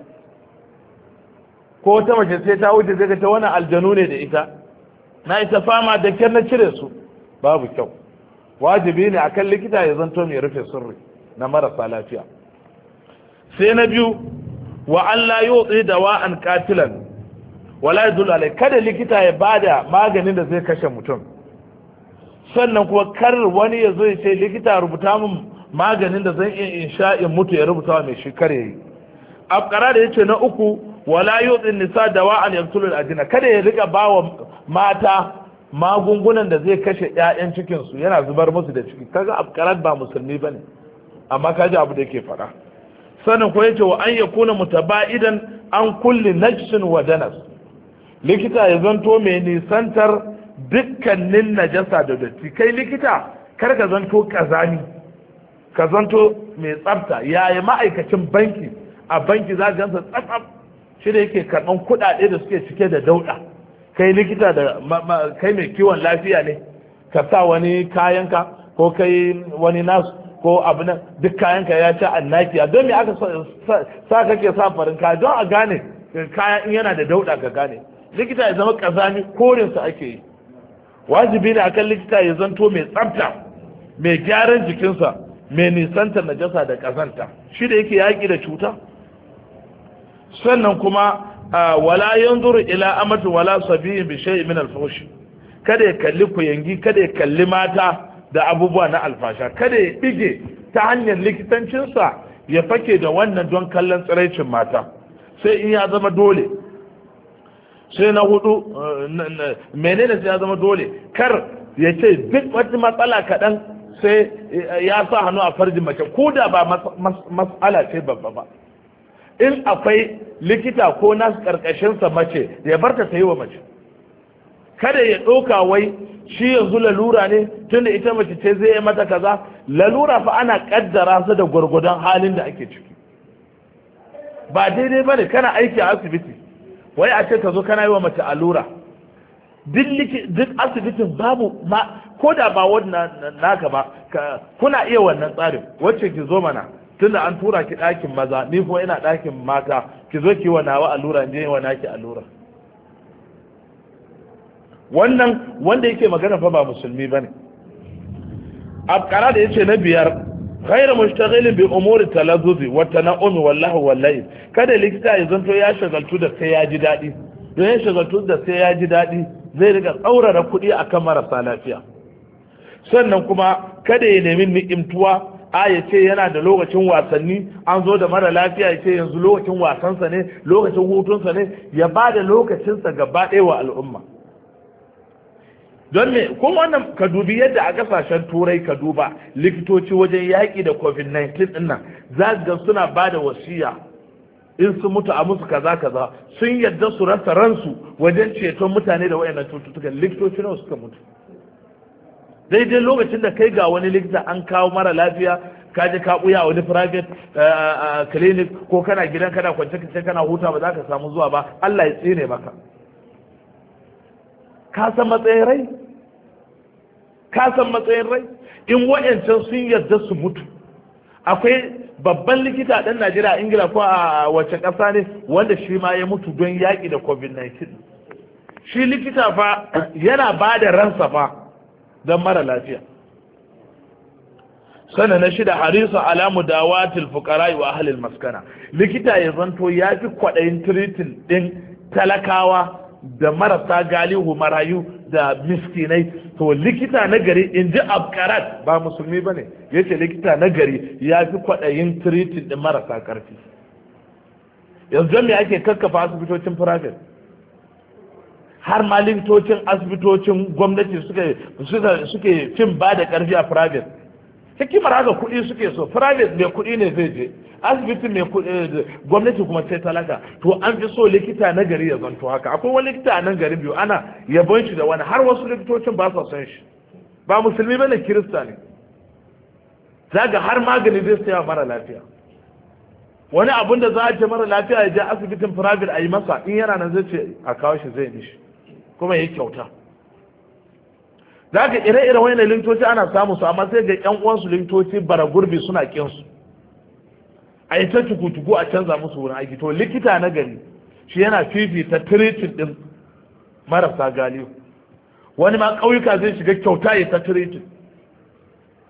ko wata mace sai ta wuce sai ka ta wani aljanu ne da ita na ita fama da kyan na cire su babu kyau wajibi ne akan likita ya zanto mai rufe sirri na marasa lafiya sai na biyu wa an la wa an katilan wala yadullu alai kada likita ya bada maganin da zai kashe mutum sannan kuma kar wani ya zo ya ce likita rubuta min maganin da zan iya in sha in mutu ya rubuta wa mai shi kare yi abkara da yace na uku wala yudin nisa dawa'an yaqtulul adina kada ya rika bawa mata magungunan da zai kashe ƴaƴan cikin su yana zubar musu da ciki kaga abkarat ba musulmi bane amma kaji abu da yake fara sannan ko yace wa an yakuna mutaba'idan an kulli najsin wa danas likita ya zanto mai nisantar dukkanin najasa da datti kai likita kar ka zanto kazani ka zanto mai tsafta yaya ma'aikacin banki a banki za gansa tsatsaf shi da yake karɓan kuɗaɗe da suke cike da dauɗa kai likita da kai mai kiwon lafiya ne ka sa wani kayanka ko kai wani nasu ko abu nan duk kayanka ya ci annakiya don me aka sa kake sa farin kaya don a gane kaya in yana da dauɗa ka gane likita ya zama kazami korinsa ake yi wajibi ne akan likita ya zanto mai tsafta mai gyaran jikinsa mai nisantar najasa da kazanta shi da yake yaƙi da cuta sannan kuma wala yanzuru ila amatu wala sabiyin bi min alfashi kada ya kalli kuyangi kada ya kalli mata da abubuwa na alfasha kada ya bige ta hanyar likitancinsa ya fake da wannan don kallon tsiraicin mata sai in ya zama dole sai na hudu eh, menene sai ya zama dole kar ya ce duk wata matsala kaɗan sai ya sa hannu a farjin mace ko da ba matsala ce babba ba in akwai likita ko nasu karkashinsa mace ya bar ta yi wa mace kada ya ɗauka wai shi yanzu lalura ne tun da ita mace ce zai yi mata kaza lalura fa ana ƙaddara su da gwargwadon halin da ake ciki ba daidai ba ne kana aiki a asibiti wai a ce ka zo kana yi wa mace allura duk asibitin babu ma ko da ba wannan naka ba kuna iya wannan tsarin wacce ki zo mana tunda an tura ki ɗakin maza ni kuma ina ɗakin mata ki zo ki wa nawa allura wa naki allura wannan wanda yake magana fa ba musulmi bane abkara da yace na biyar غير مشتغل بأمور التلذذ والتنعم والله wallahi kada likita ya zanto ya shagaltu da sai ya ji dadi don ya shagaltu da sai ya ji dadi zai riga tsaurara kuɗi akan marasa lafiya sannan kuma kada ya nemi ni'imtuwa a ya ce yana da lokacin wasanni an zo da mara lafiya ya ce yanzu lokacin wasansa ne lokacin hutunsa ne ya ba da lokacinsa gaba ɗaya wa al'umma don me kuma wannan ka dubi yadda a kasashen turai ka duba likitoci wajen yaƙi da covid-19 dinnan, nan za ga suna ba da wasiya in su mutu a musu kaza kaza sun yadda su rasa ransu wajen ceton mutane da wayannan cututtuka likitoci nawa suka mutu daidai lokacin da kai ga wani likita an kawo mara lafiya ka je ka buya wani private eh, eh, eh, clinic ko kana gidan kana kwance kace kana huta ba za ka samu zuwa ba Allah ya tsine maka ka san matsayin rai ka san matsayin rai in wa'ancan sun yarda su mutu akwai babban likita ɗan najeriya ingila ko a wace ƙasa ne wanda shi ma ya mutu don yaƙi da covid-19 shi likita fa yana ba da ransa fa don mara lafiya sana na shida harisu alamu dawatil fuqara wa ahlil maskana likita ya zanto ya fi kwaɗayin tiritin ɗin talakawa da marasa galihu marayu da miskinai to likita na gari in ji abkarat ba musulmi ba ne ya ce likita na gari ya fi kwaɗayin tiritin ɗin marasa ƙarfi yanzu me ake kakkafa asibitocin firafet har ma likitocin asibitocin gwamnati suke fin ba da ƙarfi a firafet hikimar haka kuɗi suke so private mai kuɗi ne zai je asibiti mai kuɗi eh, gwamnati kuma sai talaka to an fi so likita na gari ya zanto haka akwai wani likita a nan gari biyu ana yabon shi da wani har wasu likitocin ba sa son shi ba musulmi bane kirista ne zaga har magani zai saya mara lafiya wani abun da za a ce mara lafiya ya je asibitin private a yi masa in yana nan zai ce a kawo shi zai shi kuma ya kyauta za ka ire-ire wani lintoci ana samu su amma sai ga yan uwansu lintoci bara gurbi suna su a yi ta tukutuku, a canza musu wurin aiki to likita na gari shi yana fifita tiritin din marasa galiyo wani ma ƙauyuka zai shiga kyauta ya ta tiritin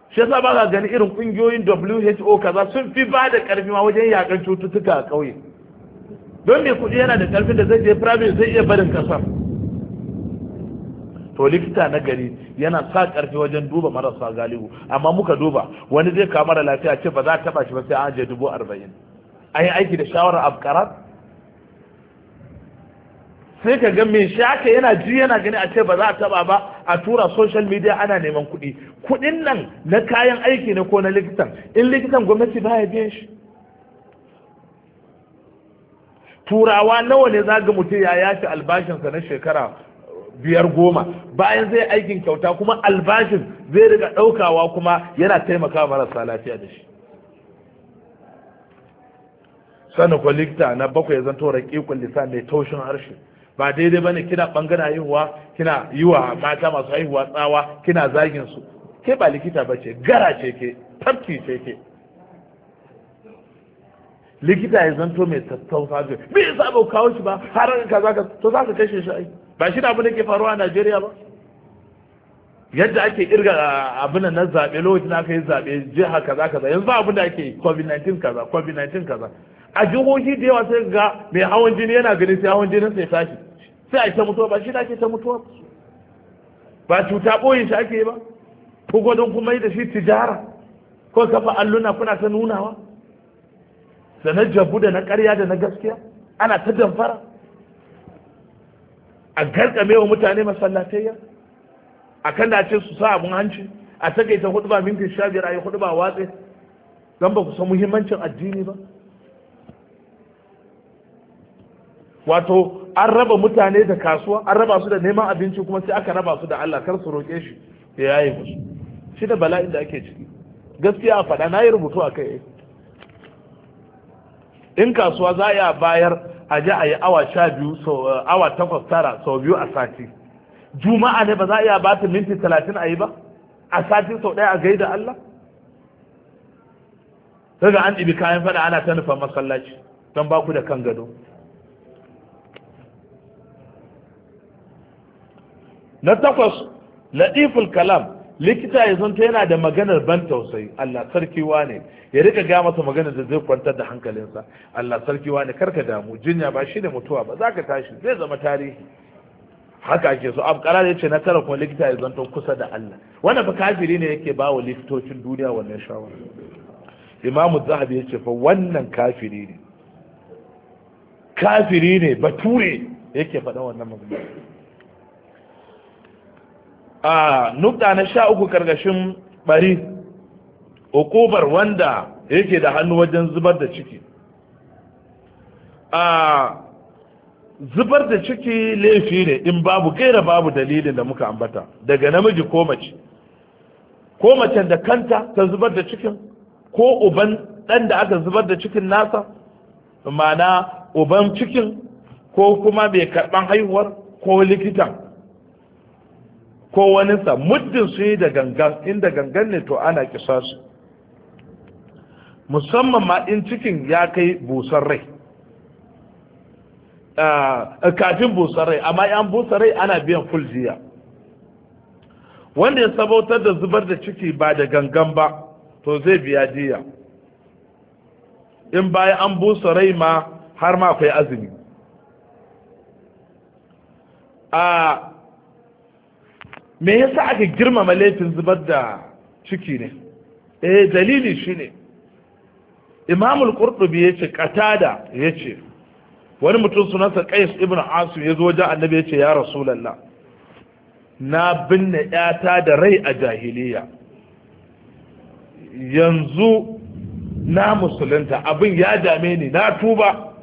shi yasa ba ka gani irin ƙungiyoyin who kaza sun fi ba da ƙarfi ma wajen yakan cututtuka a ƙauye don mai kuɗi yana da ƙarfin da zai je private zai iya barin kasar to likita na gari yana sa karfi wajen duba marasa galihu amma muka duba wani zai kama da lafiya ce ba za a taba shi ba sai an je dubu arba'in a yi aiki da shawarar abkarat sai ka ga mai shaka yana ji yana gani a ce ba za a taba ba a tura social media ana neman kuɗi kuɗin nan na kayan aiki ne ko na likitan in likitan gwamnati ba ya biyan shi turawa nawa ne za ga mutum ya yafi albashinsa na shekara biyar goma bayan zai aikin kyauta kuma albashin zai riga ɗaukawa kuma yana taimakawa marasa lafiya da shi Sannan kwalikta na bakwai ya zanto raƙiƙun lisan mai taushin harshe ba daidai bane kina bangaren haihuwa kina yi wa mata masu haihuwa tsawa kina zagin su ke ba likita ba ce gara ce ke tafki ce ke likita ya zanto mai tattausa me yasa ba kawo shi ba har ka zaka to zaka kashe shi ai ba shi da abin da ke faruwa a najeriya ba yadda ake kirga abin na zaɓe lokacin aka yi zaɓe jiha kaza kaza yanzu abin da ake covid-19 kaza covid-19 kaza a jihohi da yawa sai ga mai hawan jini yana ganin sai hawan jinin sai tashi sai a ta mutuwa ba shi da ake ta mutuwa ba cuta ɓoyin shi ake yi ba ko gwadon kuma yi da shi tijara ko kafa alluna kuna ta nunawa da na jabu da na ƙarya da na gaskiya ana ta damfara a garkame wa mutane masallatayya a kan da ce su sa abin hanci a takaita hudu ba minti sha biyar a yi hudu ba watsi don ba ku san muhimmancin addini ba wato an raba mutane da kasuwa an raba su da neman abinci kuma sai aka raba su da Allah kar su roƙe shi ya yayi musu shi da bala'in da ake ciki gaskiya a faɗa na yi rubutu a kai in kasuwa za a bayar a ji a yi awa sha biyu eh, awa takwas tara sau biyu a sati juma'a ne ba za a iya ba ta minti talatin a yi ba a sati sau ɗaya a gaida Allah daga an ɗibi kayan fada ana ta nufa masallaci don ba ku da kan gado na takwas laɗiful kalam likita ya zonta yana da maganar ban tausayi Allah sarki wane ya rika ga masa maganar da zai kwantar da hankalinsa Allah sarki wane karka damu jinya ba shi da mutuwa ba za ka tashi zai zama tarihi haka ake so abu karar ya ce na tara kuma likita ya zanto kusa da Allah wannan fa kafiri ne yake ba wa likitocin duniya wannan shawara imamu zahabi ya ce fa wannan kafiri ne kafiri ne bature yake faɗa wannan magana a nukta na sha uku karkashin bari uƙubar wanda yake da hannu wajen zubar da ciki a zubar da ciki laifi ne in babu gaira babu dalilin da muka ambata daga namiji ko mace ko macen da kanta ta zubar da cikin ko uban dan da aka zubar da cikin nasa mana uban cikin ko kuma mai karɓan haihuwar ko likitan ko waninsa muddin sun yi da gangan inda gangan ne to ana kisa su musamman ma in cikin ya kai busar rai ah, kafin busar rai amma yan busar rai ana biyan fulziya jiya wanda ya sabautar da zubar da ciki ba da gangan ba to zai biya jiya in bayan an busa rai ma har ma akwai azumi a ah, me yasa aka girmama laifin zubar da ciki ne eh dalili shine imamul qurtubi yace qatada yace wani mutum sunansa qais ibn ya zo wajen annabi yace ya rasulullah na binne yata da rai a jahiliya yanzu na musulunta abin ya dame ni na tuba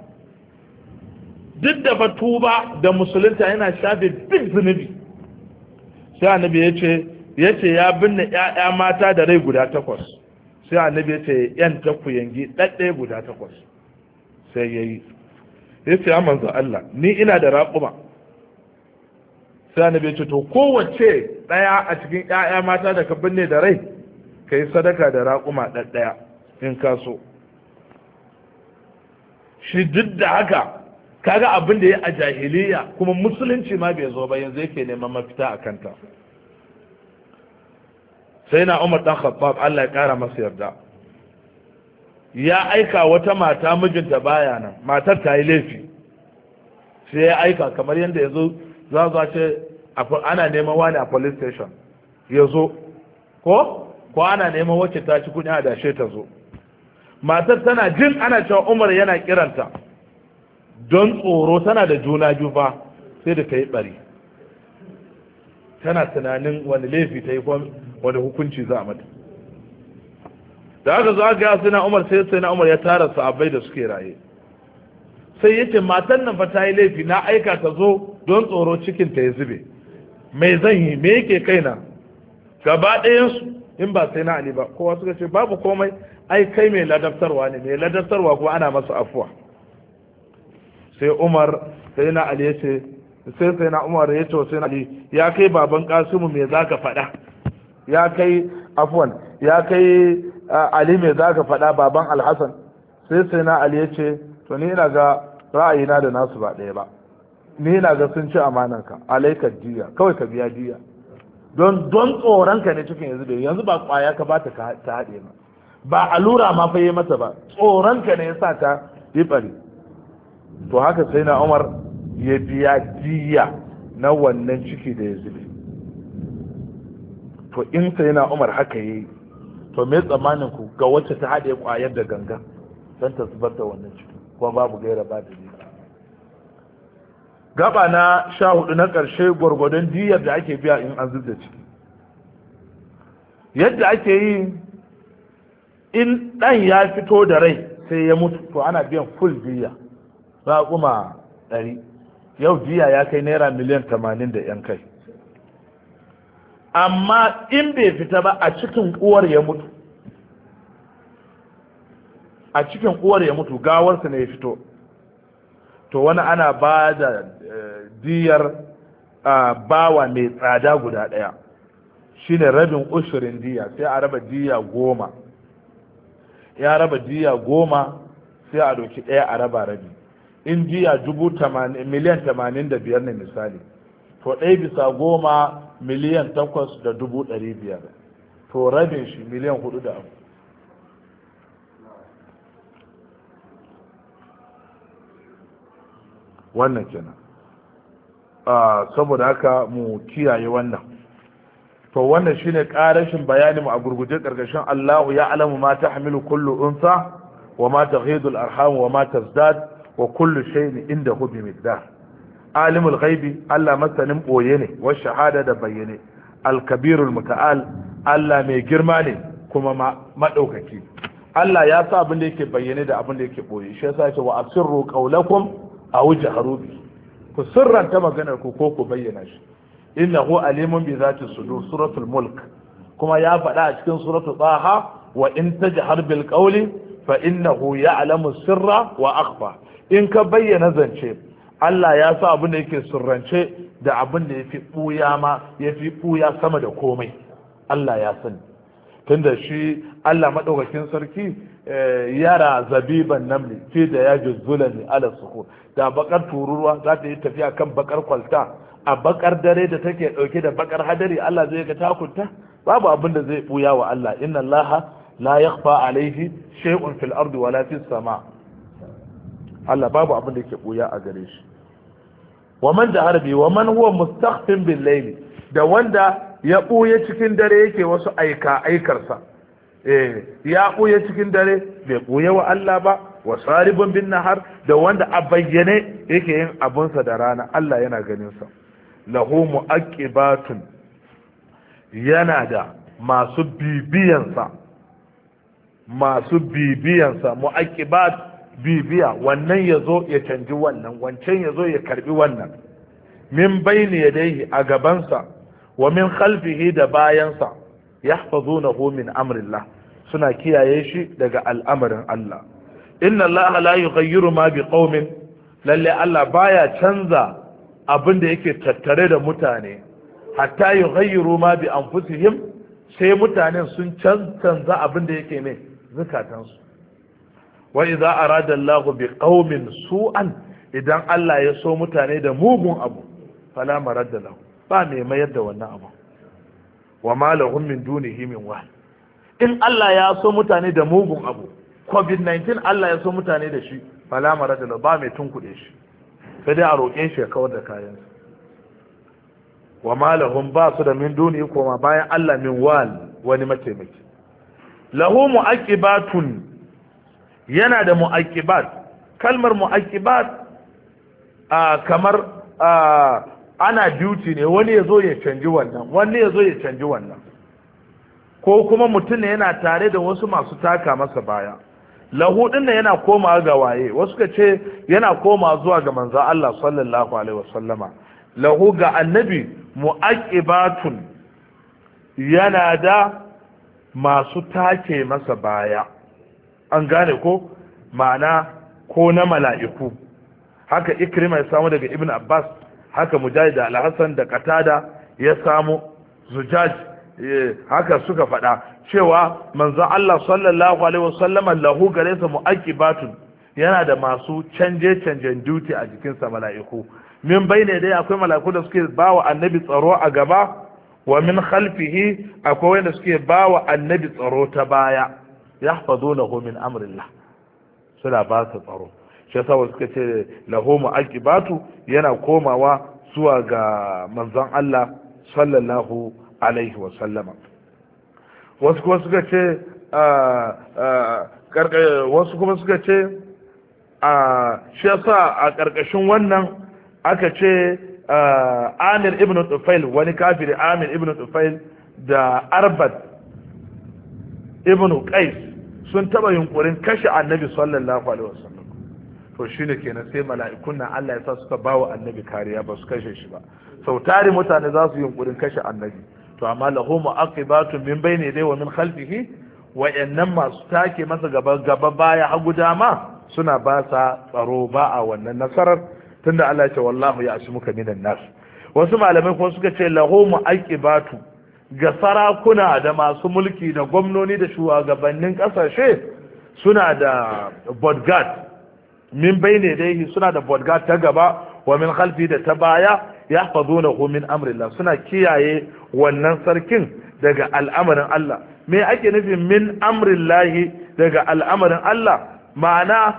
duk da ba tuba da musulunta yana shafe duk zunubi sai annabi ya ce ya ce ya binne ƴaƴa mata da rai guda takwas sai annabi ya ce yan ta ku yangi ɗaɗɗe guda takwas sai ya yi ya ce ya manzo Allah ni ina da raƙuma sai annabi ya ce to kowace ɗaya a cikin ƴaƴa mata da ka binne da rai ka yi sadaka da raƙuma ɗaɗɗaya in ka so shi duk da haka kaga abin da ya a jahiliya kuma musulunci ma bai zo ba yanzu yake neman mafita a kanta sai na umar dan khattab Allah ya kara masa yarda ya aika wata mata mijinta baya nan matar ta yi laifi sai ya aika kamar yadda yazo za za ce ana neman wani a police station ya zo ko ko ana neman wacce ta ci kuɗi a dashe ta zo matar tana jin ana cewa umar yana kiranta don tsoro tana da juna biyu ba sai da ta yi bari tana tunanin wani laifi ta yi wani hukunci za a mata da aka zo aka yi na umar sai sai na umar ya tara sahabbai da suke raye sai ya ce matan nan fa ta yi laifi na aika ta zo don tsoro cikin ta ya zube mai zan yi me yake kaina gaba ɗayansu in ba sai na ali ba kowa suka ce babu komai ai kai mai ladabtarwa ne mai ladabtarwa kuma ana masu afuwa sai umar sai na ali yace sai sai na umar yace wa sai na ali ya kai baban kasimu me zaka faɗa ya kai afwan ya kai ali me zaka faɗa baban alhasan sai sai na ali yace to ni ina ga ra'ayina da nasu ba ɗaya ba ni ina ga sun ci amananka alaikar diya kawai ka biya diya don don tsoronka ne cikin yanzu da yanzu ba kwaya ka bata ta haɗe hade ba allura ma fa yi mata ba tsoronka ne ya ta yi bari? to haka sai na umar ya biya diya na wannan ciki da ya zube to in sai na umar haka yi to me tsammanin ku ga wacce ta haɗe ƙwayar da ganga don ta zubar da wannan ciki kuma babu gaira ba da gaba na sha hudu na ƙarshe gwargwadon diyar da ake biya in an da ciki yadda ake yi in ɗan ya fito da rai sai ya mutu to ana biyan full diya raƙuma ɗari yau jiya ya kai naira miliyan tamanin da yan kai amma in bai fita ba a cikin uwar ya mutu a cikin uwar ya mutu gawarsa ne ya fito to wani ana ba da eh, diyar bawa mai tsada guda ɗaya shine rabin ushirin diya sai a raba diya goma ya raba diya goma sai a doki ɗaya a raba rabi in jiya miliyan tamanin da biyar ne misali to ɗaya bisa goma miliyan takwas da dubu ɗari biyar to rabin shi miliyan hudu da abu wannan kenan ah, saboda haka mu kiyaye wannan to wannan shine karashin bayani mu a gurguje karkashin Allahu ya alamu ma tahmilu kullu unsa wa ma taghidu al-arham wa ma tazdad wa kullu shay'in inda hubi bi alimul ghaibi Allah masanin boye ne wa shahada da bayyane al-kabirul muta'al Allah mai girma ne kuma madaukaki Allah ya sa abin da yake bayyane da abin da yake boye shi yasa ce wa asirru qawlakum aw jaharu bi ku sirranta maganar ku ko ku bayyana shi innahu alimun bi zati sudur suratul mulk kuma ya faɗa a cikin suratul taha wa in tajhar bil qawli fa innahu ya'lamu sirra wa akhfa in ka bayyana zance Allah ya sa abin da yake surrance da abin da fi buya ma yafi buya sama da komai Allah ya sani tunda shi Allah madaukakin sarki eh, yara zabiban namli fi da ya juzzulani ala suku da bakar tururuwa za ta yi tafiya kan bakar kwalta a bakar dare da take ɗauke da bakar hadari Allah zai ga takunta babu abin da zai buya wa Allah inna Allah la yakhfa alaihi shay'un fil ardi wala fis sama' Allah babu abin da yake buya a gare shi wa man jahara wa man huwa mustaqfin bil layl da wanda ya buya cikin dare yake wasu aika aikarsa eh ya buya cikin dare bai buya wa Allah ba wa saribun bin nahar da wanda a bayyane yake yin abunsa da rana Allah yana ganin sa lahu muaqibatun yana da masu bibiyansa masu bibiyansa muaqibat bibiya wannan ya zo ya canji wannan wancan ya zo ya karbi wannan min ya yadayhi a gabansa wa min khalfihi da bayansa na min amrillah suna kiyaye shi daga al'amarin Allah inna Allah la yughayyiru ma biqaumin lalle Allah baya canza abin da yake tattare da mutane hatta yughayyiru ma bi anfusihim sai mutanen sun canza abin da yake ne zukatansu wa idza arada Allah bi qaumin su'an idan Allah ya so mutane da mugun abu fala maradda lahu ba mai mayar da wannan abu wa ma lahum min dunihi min wa in Allah ya so mutane da mugun abu covid-19 Allah ya so mutane da shi fala maradda lahu ba mai tunkuɗe shi sai dai a roƙe shi ya kawar da wa malahum ba su da min dunihi koma bayan Allah min wal wani mataimaki lahu mu'aqibatun yana da muakibat kalmar muakibat kamar ana duty ne wani ya zo ya canji wannan wani ya zo ya canji wannan ko kuma mutum ne yana tare da wasu masu taka masa baya lahu din yana koma ga waye wasu ka ce yana koma zuwa ga manzo Allah sallallahu alaihi wasallama lahu ga annabi muakibatun yana da masu take masa baya an gane ko ma'ana ko na mala'iku haka ikrima ya samu daga ibn abbas haka mujahid da alhassan da katada ya samu zujaj eh, haka suka fada cewa manzo Allah sallallahu alaihi wasallam lahu gare sa mu'aqibatun yana da masu canje canjen duty a jikin sa mala'iku min bayne dai akwai mala'iku da suke bawa annabi tsaro a gaba wa min khalfihi akwai wanda suke bawa annabi tsaro ta baya yahfazunahu min amrillah suna ba su tsaro shi yasa suka ce lahu mu'aqibatu yana komawa zuwa ga manzon Allah sallallahu alaihi wa sallama wasu kuma suka ce wasu kuma suka ce a shi sa a ƙarƙashin wannan aka ce amir ibn tufail wani kafiri amir ibn tufail da arbat ibn qais sun taba yunkurin kashe annabi sallallahu alaihi wasallam to shine kenan sai mala'ikun nan Allah ya sa suka bawa annabi kariya ba su kashe shi ba sau mutane za su yunkurin kashe annabi to amma lahu mu'aqibatun min bayni dai wa min khalfihi wa'annan masu take masa gaba gaba baya hagu dama suna ba sa tsaro ba a wannan nasarar tunda Allah ya ce wallahu ya asmuka minan nas wasu malamai kuma suka ce lahu mu'aqibatu ga sarakuna da masu mulki da gwamnoni da shugabannin kasashe suna da bodgard min baine yi suna da bodgard ta gaba wa min khalfi da ta baya ya fazo na min amrillah suna kiyaye wannan sarkin daga al'amarin Allah me ake nufi min amrillahi daga al'amarin Allah ma'ana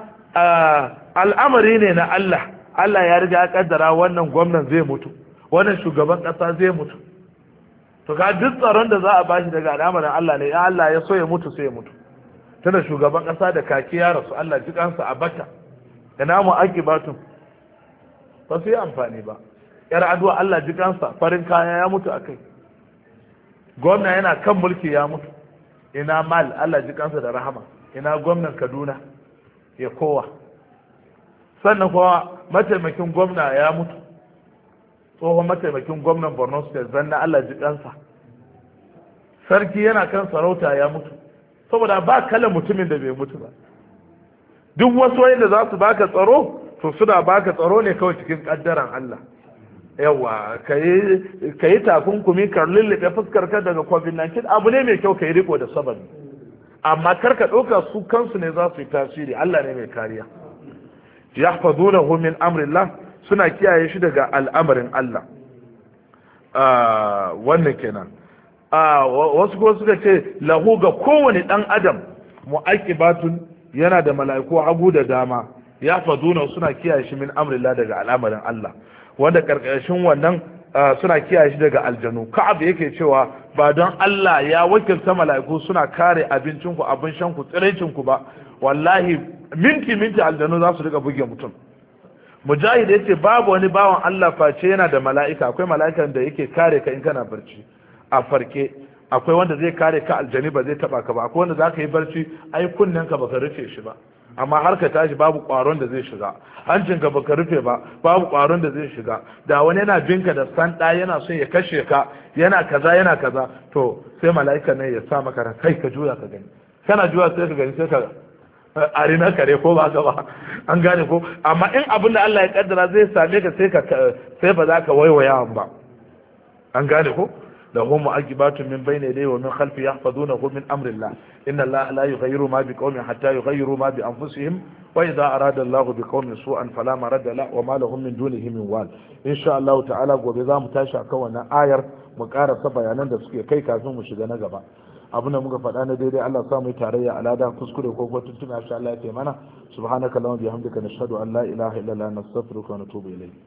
al'amari ne na Allah Allah ya riga ya kaddara wannan gwamnan zai mutu wannan shugaban ƙasa zai mutu to ka duk tsaron da za a bashi daga al'amarin Allah ne ya Allah ya so ya mutu sai ya mutu tana shugaban kasa da kaki ya rasu Allah ji kansa a bata da namu akibatun ba su yi amfani ba yar addu'a Allah ji kansa farin kaya ya mutu akai gwamna yana kan mulki ya mutu ina mal Allah ji kansa da rahama ina gwamnan Kaduna ya kowa sannan kuma mataimakin gwamna ya mutu tsohon mataimakin gwamnan borno state na allah ji kansa sarki yana kan sarauta ya mutu saboda ba kalan mutumin da bai mutu ba duk wasu da za su baka tsaro to suna baka tsaro ne kawai cikin kaddaran allah yawa ka yi takunkumi ka lullube fuskar ka daga covid-19 abu ne mai kyau ka yi riko da sabani amma kar ka ɗauka su kansu ne za su yi tasiri allah ne mai kariya yahfazunahu min amrillah suna kiyaye shi daga al'amarin Allah ah, wannan kenan ah, wasu ko suka ce lahu ga kowane dan adam mu'aqibatun yana da mala'iku hagu da dama ya faduna suna kiyaye shi min amrillah daga al'amarin Allah wanda karkashin wannan ah, suna kiyaye shi daga aljanu ka'ab yake cewa ba don Allah ya wakilta mala'iku suna kare abincinku abin shanku tsirancinku ba wallahi minti minti aljanu za su riga buge mutum mujahid ce babu wani bawan Allah face yana da mala'ika akwai mala'ika da yake kare ka in kana barci a farke akwai wanda zai kare ka aljani ba zai taba ka ba akwai wanda zaka yi barci ai kunnen ka baka rufe shi ba amma har ka tashi babu kwaron da zai shiga hancin ka baka rufe ba babu kwaron da zai shiga da wani yana binka da sanda yana son ya kashe ka yana kaza yana kaza to sai mala'ika ne ya sa maka kai ka juya ka gani kana juya sai ka gani sai ka arina kare ko ba ka ba an gane ko amma in abin da Allah ya kaddara zai same ka sai ka sai ba za ka waiwaya ba an gane ko لهم معجبات من بين يديه ومن خلفه يحفظونه من امر الله ان الله لا bi ما بقوم حتى يغيروا ما بانفسهم واذا اراد الله بقوم سوءا فلا مرد له وما لهم من دونه من وال ان شاء الله ta'ala gobe mu tashi akan wannan ayar mu karasa bayanan da suke kai kafin mu shiga na gaba abin da muka faɗa na daidai Allah sa mu tarayya alada kuskure ko ko tuntuna insha Allah ya taimana subhanaka allahumma bihamdika nashhadu an la ilaha illa anta astaghfiruka wa atubu ilayk